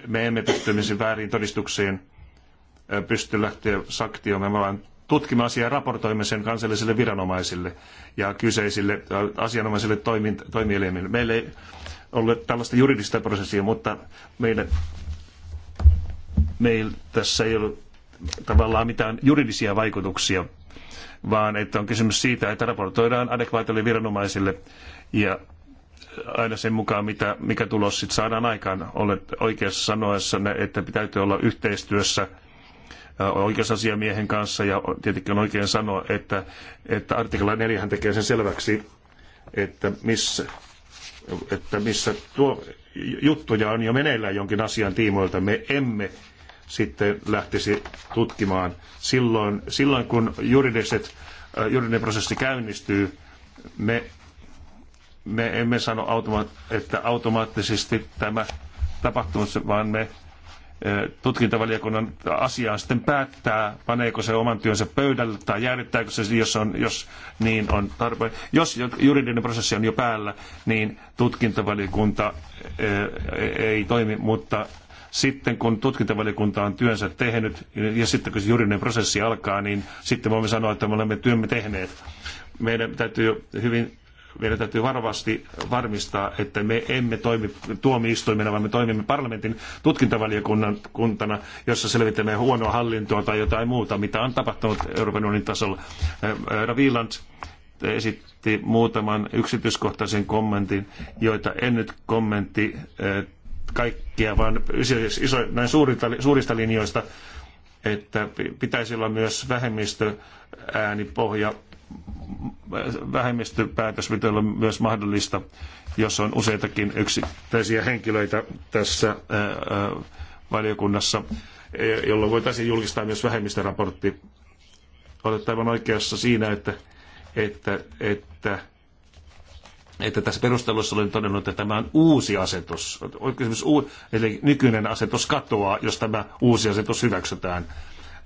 me emme pysty väärin todistuksiin pysty lähteä saktioon, me vaan tutkimme asiaa ja raportoimme sen kansallisille viranomaisille ja kyseisille asianomaisille toimielimille. Meillä ei ole tällaista juridista prosessia, mutta meidän meillä tässä ei ollut tavallaan mitään juridisia vaikutuksia, vaan että on kysymys siitä, että raportoidaan adekvaatille viranomaisille ja aina sen mukaan, mitä, mikä tulos sitten saadaan aikaan. Olet oikeassa sanoessa, että täytyy olla yhteistyössä oikeusasiamiehen kanssa ja tietenkin on oikein sanoa, että, että artikla 4 hän tekee sen selväksi, että missä, että missä tuo juttuja on jo meneillään jonkin asian tiimoilta. Me emme sitten lähtisi tutkimaan. Silloin, silloin kun juridiset, äh, juridinen prosessi käynnistyy, me, me emme sano, automa- että automaattisesti tämä tapahtuu, vaan me äh, tutkintavaliokunnan asiaa sitten päättää, paneeko se oman työnsä pöydälle tai jäädyttääkö se, jos, on, jos niin on tarpeen. Jos juridinen prosessi on jo päällä, niin tutkintavaliokunta äh, ei toimi, mutta sitten kun tutkintavaliokunta on työnsä tehnyt ja sitten kun se juridinen prosessi alkaa, niin sitten voimme sanoa, että me olemme työmme tehneet. Meidän täytyy hyvin meidän täytyy varovasti varmistaa, että me emme toimi tuomioistuimena, vaan me toimimme parlamentin tutkintavaliokunnan kuntana, jossa selvitämme huonoa hallintoa tai jotain muuta, mitä on tapahtunut Euroopan unionin tasolla. Raviland esitti muutaman yksityiskohtaisen kommentin, joita en nyt kommentti kaikkia, vaan iso, näin suurista, suurista linjoista, että pitäisi olla myös vähemmistöäänipohja, vähemmistöpäätös pitää myös mahdollista, jos on useitakin yksittäisiä henkilöitä tässä valiokunnassa, e, jolloin voitaisiin julkistaa myös vähemmistöraportti. Olet aivan oikeassa siinä, että, että, että että tässä perustelussa olen todennut, että tämä on uusi asetus. oikeus, eli nykyinen asetus katoaa, jos tämä uusi asetus hyväksytään.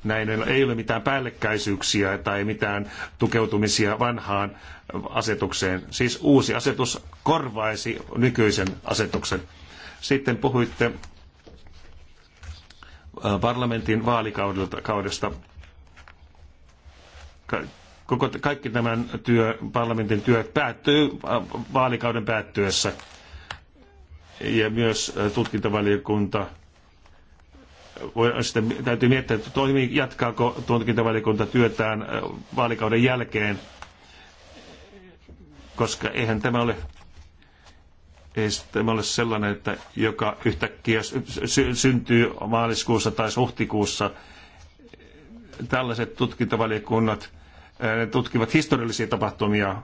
Näin ei ole mitään päällekkäisyyksiä tai mitään tukeutumisia vanhaan asetukseen. Siis uusi asetus korvaisi nykyisen asetuksen. Sitten puhuitte äh, parlamentin vaalikaudesta Koko, kaikki tämän työ, parlamentin työ päättyy vaalikauden päättyessä. Ja myös tutkintavaliokunta voi, sitten täytyy miettiä, että toimii, jatkaako tutkintavaliokunta työtään vaalikauden jälkeen, koska eihän tämä ole ei tämä ole sellainen, että joka yhtäkkiä sy- syntyy maaliskuussa tai huhtikuussa. Tällaiset tutkintavaliokunnat ne tutkivat historiallisia tapahtumia.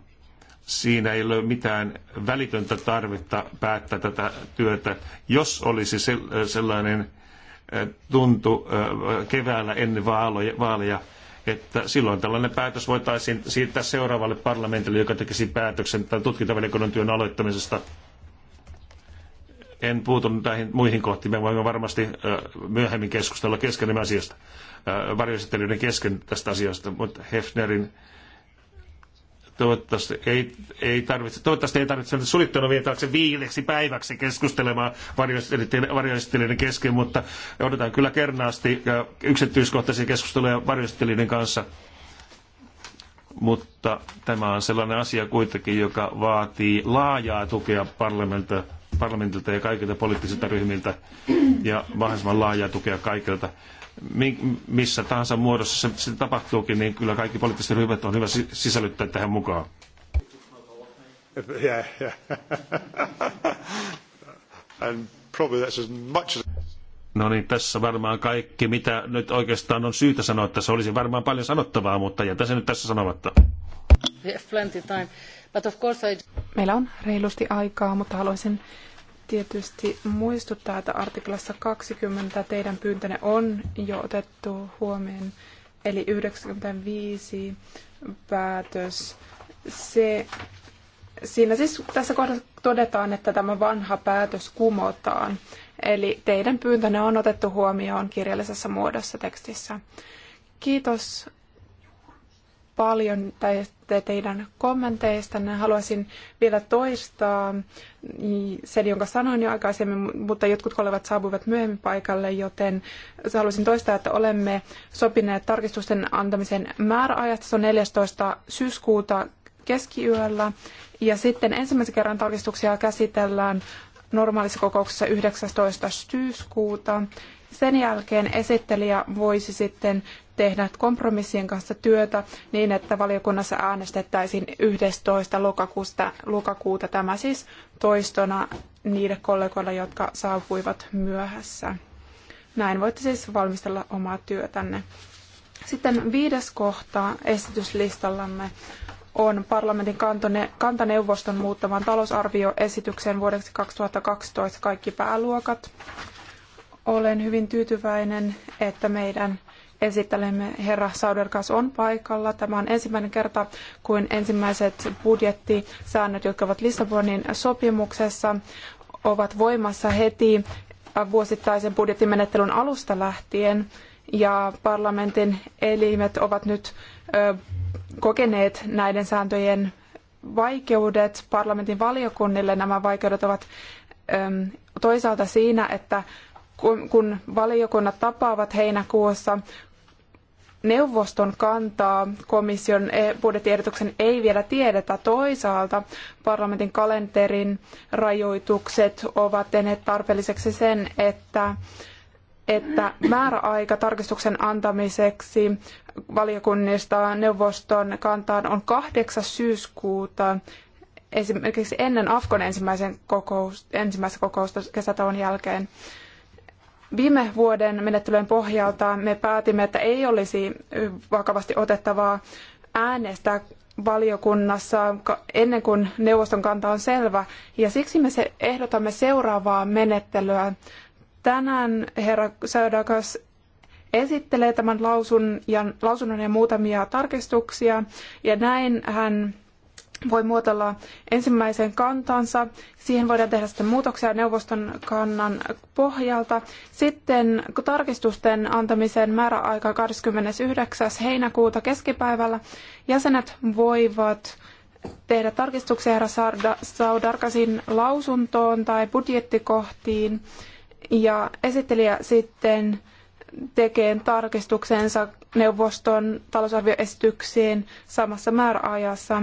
Siinä ei ole mitään välitöntä tarvetta päättää tätä työtä, jos olisi sellainen tuntu keväällä ennen vaaleja, että silloin tällainen päätös voitaisiin siirtää seuraavalle parlamentille, joka tekisi päätöksen tämän tutkintavaliokunnan työn aloittamisesta – en puutu näihin muihin kohtiin. Me voimme varmasti myöhemmin keskustella keskenemme asiasta, varjoesittelyiden kesken tästä asiasta, mutta Hefnerin toivottavasti ei, ei tarvitse, toivottavasti ei tarvitse sulittuna vielä taakse viileksi päiväksi keskustelemaan varjoistelijoiden kesken, mutta odotan kyllä kernaasti yksityiskohtaisia keskusteluja varjoistelijoiden kanssa. Mutta tämä on sellainen asia kuitenkin, joka vaatii laajaa tukea parlamentaa parlamentilta ja kaikilta poliittisilta ryhmiltä ja mahdollisimman laajaa tukea kaikilta. Missä tahansa muodossa se, se tapahtuukin, niin kyllä kaikki poliittiset ryhmät on hyvä sisällyttää tähän mukaan. No niin, tässä varmaan kaikki, mitä nyt oikeastaan on syytä sanoa. Tässä olisi varmaan paljon sanottavaa, mutta jätä se nyt tässä sanomatta. We have plenty time. But of course I... Meillä on reilusti aikaa, mutta haluaisin tietysti muistuttaa, että artiklassa 20 teidän pyyntönne on jo otettu huomioon, eli 95 päätös. Se, siinä siis tässä kohdassa todetaan, että tämä vanha päätös kumotaan, eli teidän pyyntönne on otettu huomioon kirjallisessa muodossa tekstissä. Kiitos paljon teidän kommenteistanne. Haluaisin vielä toistaa mm, sen, jonka sanoin jo aikaisemmin, mutta jotkut kollegat saapuivat myöhemmin paikalle, joten haluaisin toistaa, että olemme sopineet tarkistusten antamisen määräajasta. Se on 14. syyskuuta keskiyöllä. Ja sitten ensimmäisen kerran tarkistuksia käsitellään normaalissa kokouksessa 19. syyskuuta. Sen jälkeen esittelijä voisi sitten tehdä kompromissien kanssa työtä niin, että valiokunnassa äänestettäisiin 11. Lokakuuta, lokakuuta tämä siis toistona niille kollegoille, jotka saapuivat myöhässä. Näin voitte siis valmistella omaa työtänne. Sitten viides kohta esityslistallamme on parlamentin kantone, kantaneuvoston muuttaman talousarvioesitykseen vuodeksi 2012 kaikki pääluokat. Olen hyvin tyytyväinen, että meidän esittelemme herra Sauderkas on paikalla. Tämä on ensimmäinen kerta, kun ensimmäiset budjettisäännöt, jotka ovat Lissabonin sopimuksessa, ovat voimassa heti vuosittaisen budjettimenettelyn alusta lähtien. Ja parlamentin elimet ovat nyt kokeneet näiden sääntöjen vaikeudet. Parlamentin valiokunnille nämä vaikeudet ovat toisaalta siinä, että kun valiokunnat tapaavat heinäkuussa, Neuvoston kantaa komission e- budjettiehdotuksen ei vielä tiedetä. Toisaalta parlamentin kalenterin rajoitukset ovat tehneet tarpeelliseksi sen, että että määräaika tarkistuksen antamiseksi valiokunnista neuvoston kantaan on 8. syyskuuta esimerkiksi ennen Afkon ensimmäisen kokous, ensimmäistä kokousta kesätauon jälkeen. Viime vuoden menettelyjen pohjalta me päätimme, että ei olisi vakavasti otettavaa äänestää valiokunnassa ennen kuin neuvoston kanta on selvä. Ja siksi me ehdotamme seuraavaa menettelyä. Tänään herra Södakas esittelee tämän lausun ja, lausunnon ja muutamia tarkistuksia. Ja näin hän voi muotoilla ensimmäisen kantansa. Siihen voidaan tehdä sitten muutoksia neuvoston kannan pohjalta. Sitten tarkistusten antamisen määräaika 29. heinäkuuta keskipäivällä jäsenet voivat tehdä tarkistuksia herra Saudarkasin lausuntoon tai budjettikohtiin ja esittelijä sitten tekee tarkistuksensa neuvoston talousarvioesityksiin samassa määräajassa.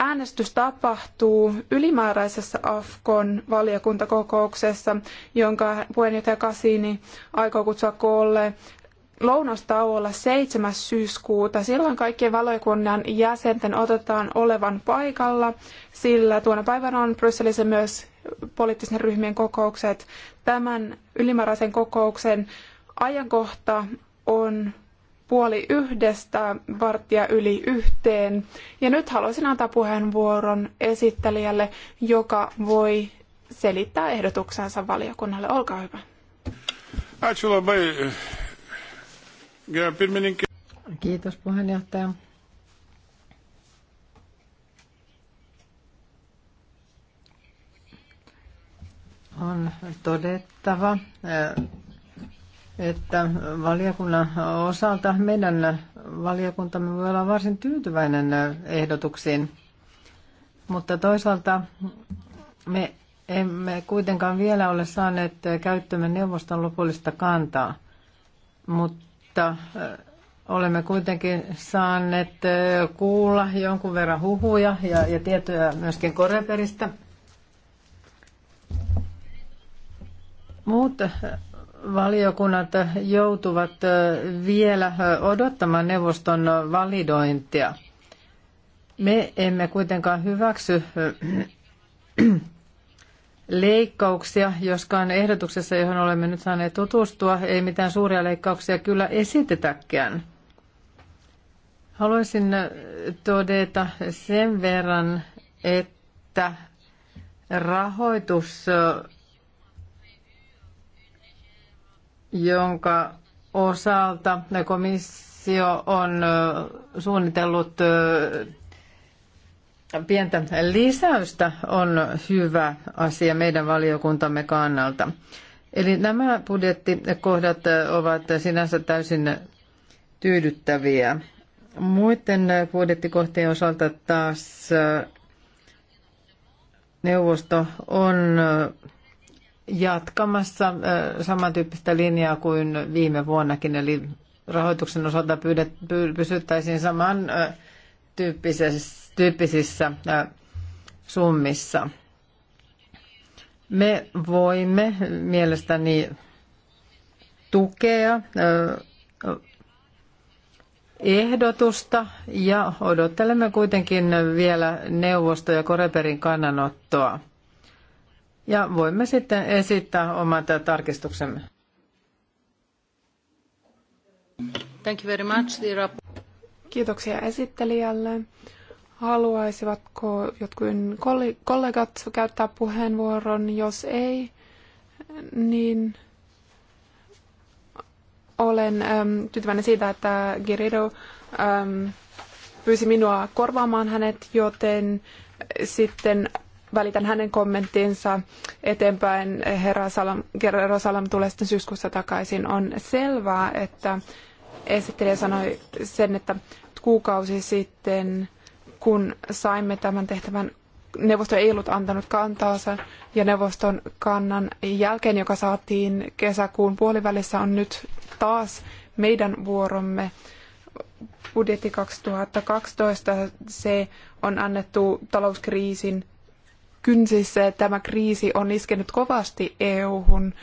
Äänestys tapahtuu ylimääräisessä AFKon valiokuntakokouksessa, jonka puheenjohtaja Kasini aikoo kutsua koolle lounastauolla 7. syyskuuta. Silloin kaikkien valiokunnan jäsenten otetaan olevan paikalla, sillä tuona päivänä on Brysselissä myös poliittisten ryhmien kokoukset. Tämän ylimääräisen kokouksen ajankohta on puoli yhdestä varttia yli yhteen. Ja nyt haluaisin antaa puheenvuoron esittelijälle, joka voi selittää ehdotuksensa valiokunnalle. Olkaa hyvä. Kiitos puheenjohtaja. On todettava, että valiokunnan osalta meidän valiokuntamme voi olla varsin tyytyväinen ehdotuksiin, mutta toisaalta me emme kuitenkaan vielä ole saaneet käyttöömme neuvoston lopullista kantaa, mutta olemme kuitenkin saaneet kuulla jonkun verran huhuja ja, ja tietoja myöskin Koreperistä. Mutta valiokunnat joutuvat vielä odottamaan neuvoston validointia. Me emme kuitenkaan hyväksy leikkauksia, joskaan ehdotuksessa, johon olemme nyt saaneet tutustua, ei mitään suuria leikkauksia kyllä esitetäkään. Haluaisin todeta sen verran, että rahoitus jonka osalta komissio on suunnitellut pientä lisäystä, on hyvä asia meidän valiokuntamme kannalta. Eli nämä budjettikohdat ovat sinänsä täysin tyydyttäviä. Muiden budjettikohtien osalta taas neuvosto on jatkamassa samantyyppistä linjaa kuin viime vuonnakin, eli rahoituksen osalta pyydet, pysyttäisiin saman tyyppisissä summissa. Me voimme mielestäni tukea ehdotusta ja odottelemme kuitenkin vielä neuvosto- ja Koreperin kannanottoa. Ja voimme sitten esittää omat tarkistuksemme. Thank you very much, dear. Kiitoksia esittelijälle. Haluaisivatko jotkut kollegat käyttää puheenvuoron? Jos ei, niin olen äm, tyytyväinen siitä, että Girido äm, pyysi minua korvaamaan hänet, joten sitten välitän hänen kommenttinsa eteenpäin. Herra Salam, herra Salam tulee sitten syyskuussa takaisin. On selvää, että esittelijä sanoi sen, että kuukausi sitten, kun saimme tämän tehtävän, neuvosto ei ollut antanut kantaansa ja neuvoston kannan jälkeen, joka saatiin kesäkuun puolivälissä, on nyt taas meidän vuoromme budjetti 2012, se on annettu talouskriisin kynsissä tämä kriisi on iskenyt kovasti EU-hun.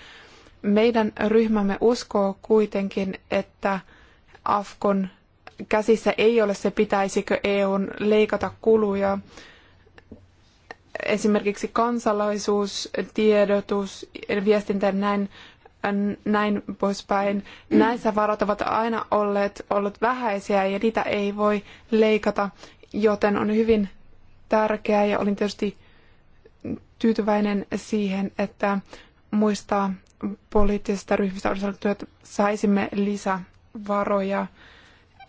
Meidän ryhmämme uskoo kuitenkin, että Afkon käsissä ei ole se, pitäisikö EUn leikata kuluja. Esimerkiksi kansalaisuus, tiedotus, viestintä näin, näin poispäin. Näissä varat ovat aina olleet, olleet vähäisiä ja niitä ei voi leikata, joten on hyvin tärkeää ja olin tietysti tyytyväinen siihen, että muista poliittisista ryhmistä osallistuneet saisimme lisävaroja.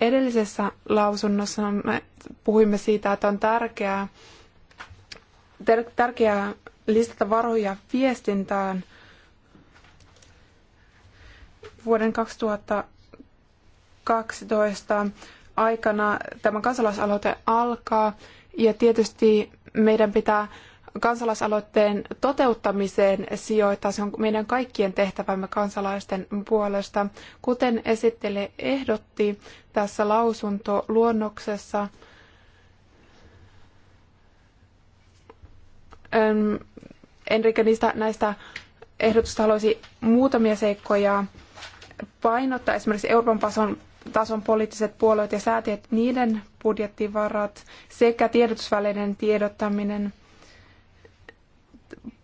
Edellisessä lausunnossa me puhuimme siitä, että on tärkeää, tärkeää lisätä varoja viestintään vuoden 2012 aikana tämä kansalaisaloite alkaa. Ja tietysti meidän pitää kansalaisaloitteen toteuttamiseen sijoittaa. Se on meidän kaikkien tehtävämme kansalaisten puolesta. Kuten esittele ehdotti tässä lausuntoluonnoksessa, Enrique niistä, näistä ehdotusta haluaisi muutamia seikkoja painottaa. Esimerkiksi Euroopan tason, tason poliittiset puolueet ja säätiöt, niiden budjettivarat sekä tiedotusvälineiden tiedottaminen –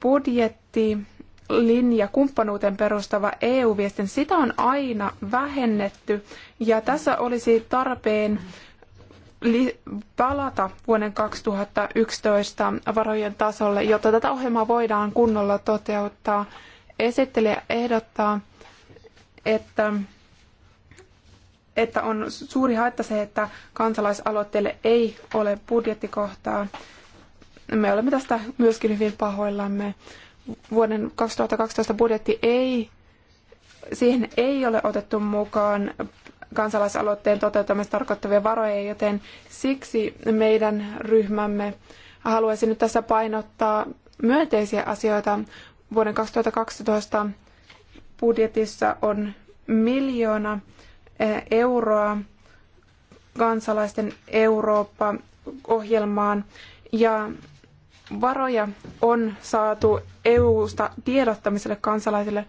budjetti linja, kumppanuuteen perustava EU-viestin, sitä on aina vähennetty ja tässä olisi tarpeen palata vuoden 2011 varojen tasolle, jotta tätä ohjelmaa voidaan kunnolla toteuttaa. Esittelijä ehdottaa, että, että on suuri haitta se, että kansalaisaloitteelle ei ole budjettikohtaa. Me olemme tästä myöskin hyvin pahoillamme. Vuoden 2012 budjetti ei, siihen ei ole otettu mukaan kansalaisaloitteen toteuttamista tarkoittavia varoja, joten siksi meidän ryhmämme haluaisi nyt tässä painottaa myönteisiä asioita. Vuoden 2012 budjetissa on miljoona e, euroa kansalaisten Eurooppa-ohjelmaan ja Varoja on saatu EU-sta tiedottamiselle kansalaisille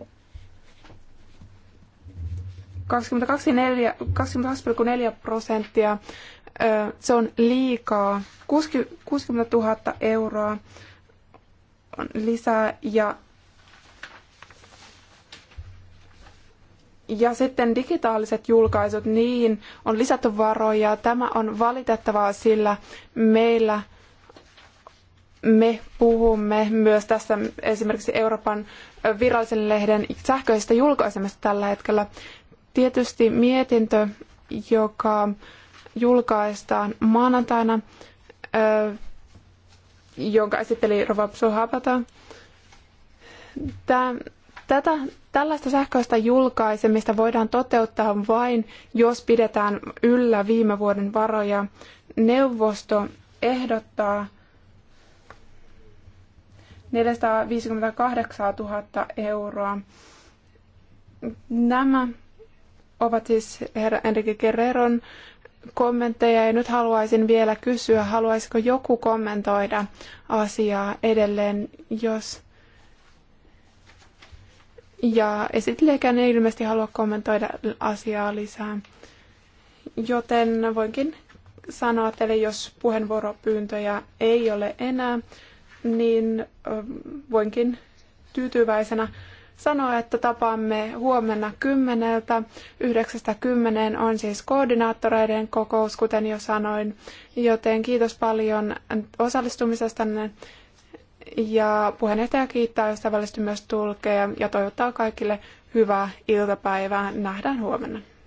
22,4 prosenttia. Se on liikaa. 60 000 euroa on lisää ja Ja sitten digitaaliset julkaisut, niihin on lisätty varoja. Tämä on valitettavaa, sillä meillä – me puhumme myös tässä esimerkiksi Euroopan virallisen lehden sähköisestä julkaisemasta tällä hetkellä. Tietysti mietintö, joka julkaistaan maanantaina, jonka esitteli Rova Psuhabata. Tätä, tällaista sähköistä julkaisemista voidaan toteuttaa vain, jos pidetään yllä viime vuoden varoja. Neuvosto ehdottaa 458 000 euroa. Nämä ovat siis herra Enrique Guerreron kommentteja ja nyt haluaisin vielä kysyä, haluaisiko joku kommentoida asiaa edelleen, jos ja esittelijäkään ei ilmeisesti halua kommentoida asiaa lisää. Joten voinkin sanoa teille, jos puheenvuoropyyntöjä ei ole enää, niin voinkin tyytyväisenä sanoa, että tapaamme huomenna kymmeneltä. Yhdeksästä kymmeneen on siis koordinaattoreiden kokous, kuten jo sanoin. Joten kiitos paljon osallistumisestanne. Ja puheenjohtaja kiittää ystävällisesti myös tulkeja ja toivottaa kaikille hyvää iltapäivää. Nähdään huomenna.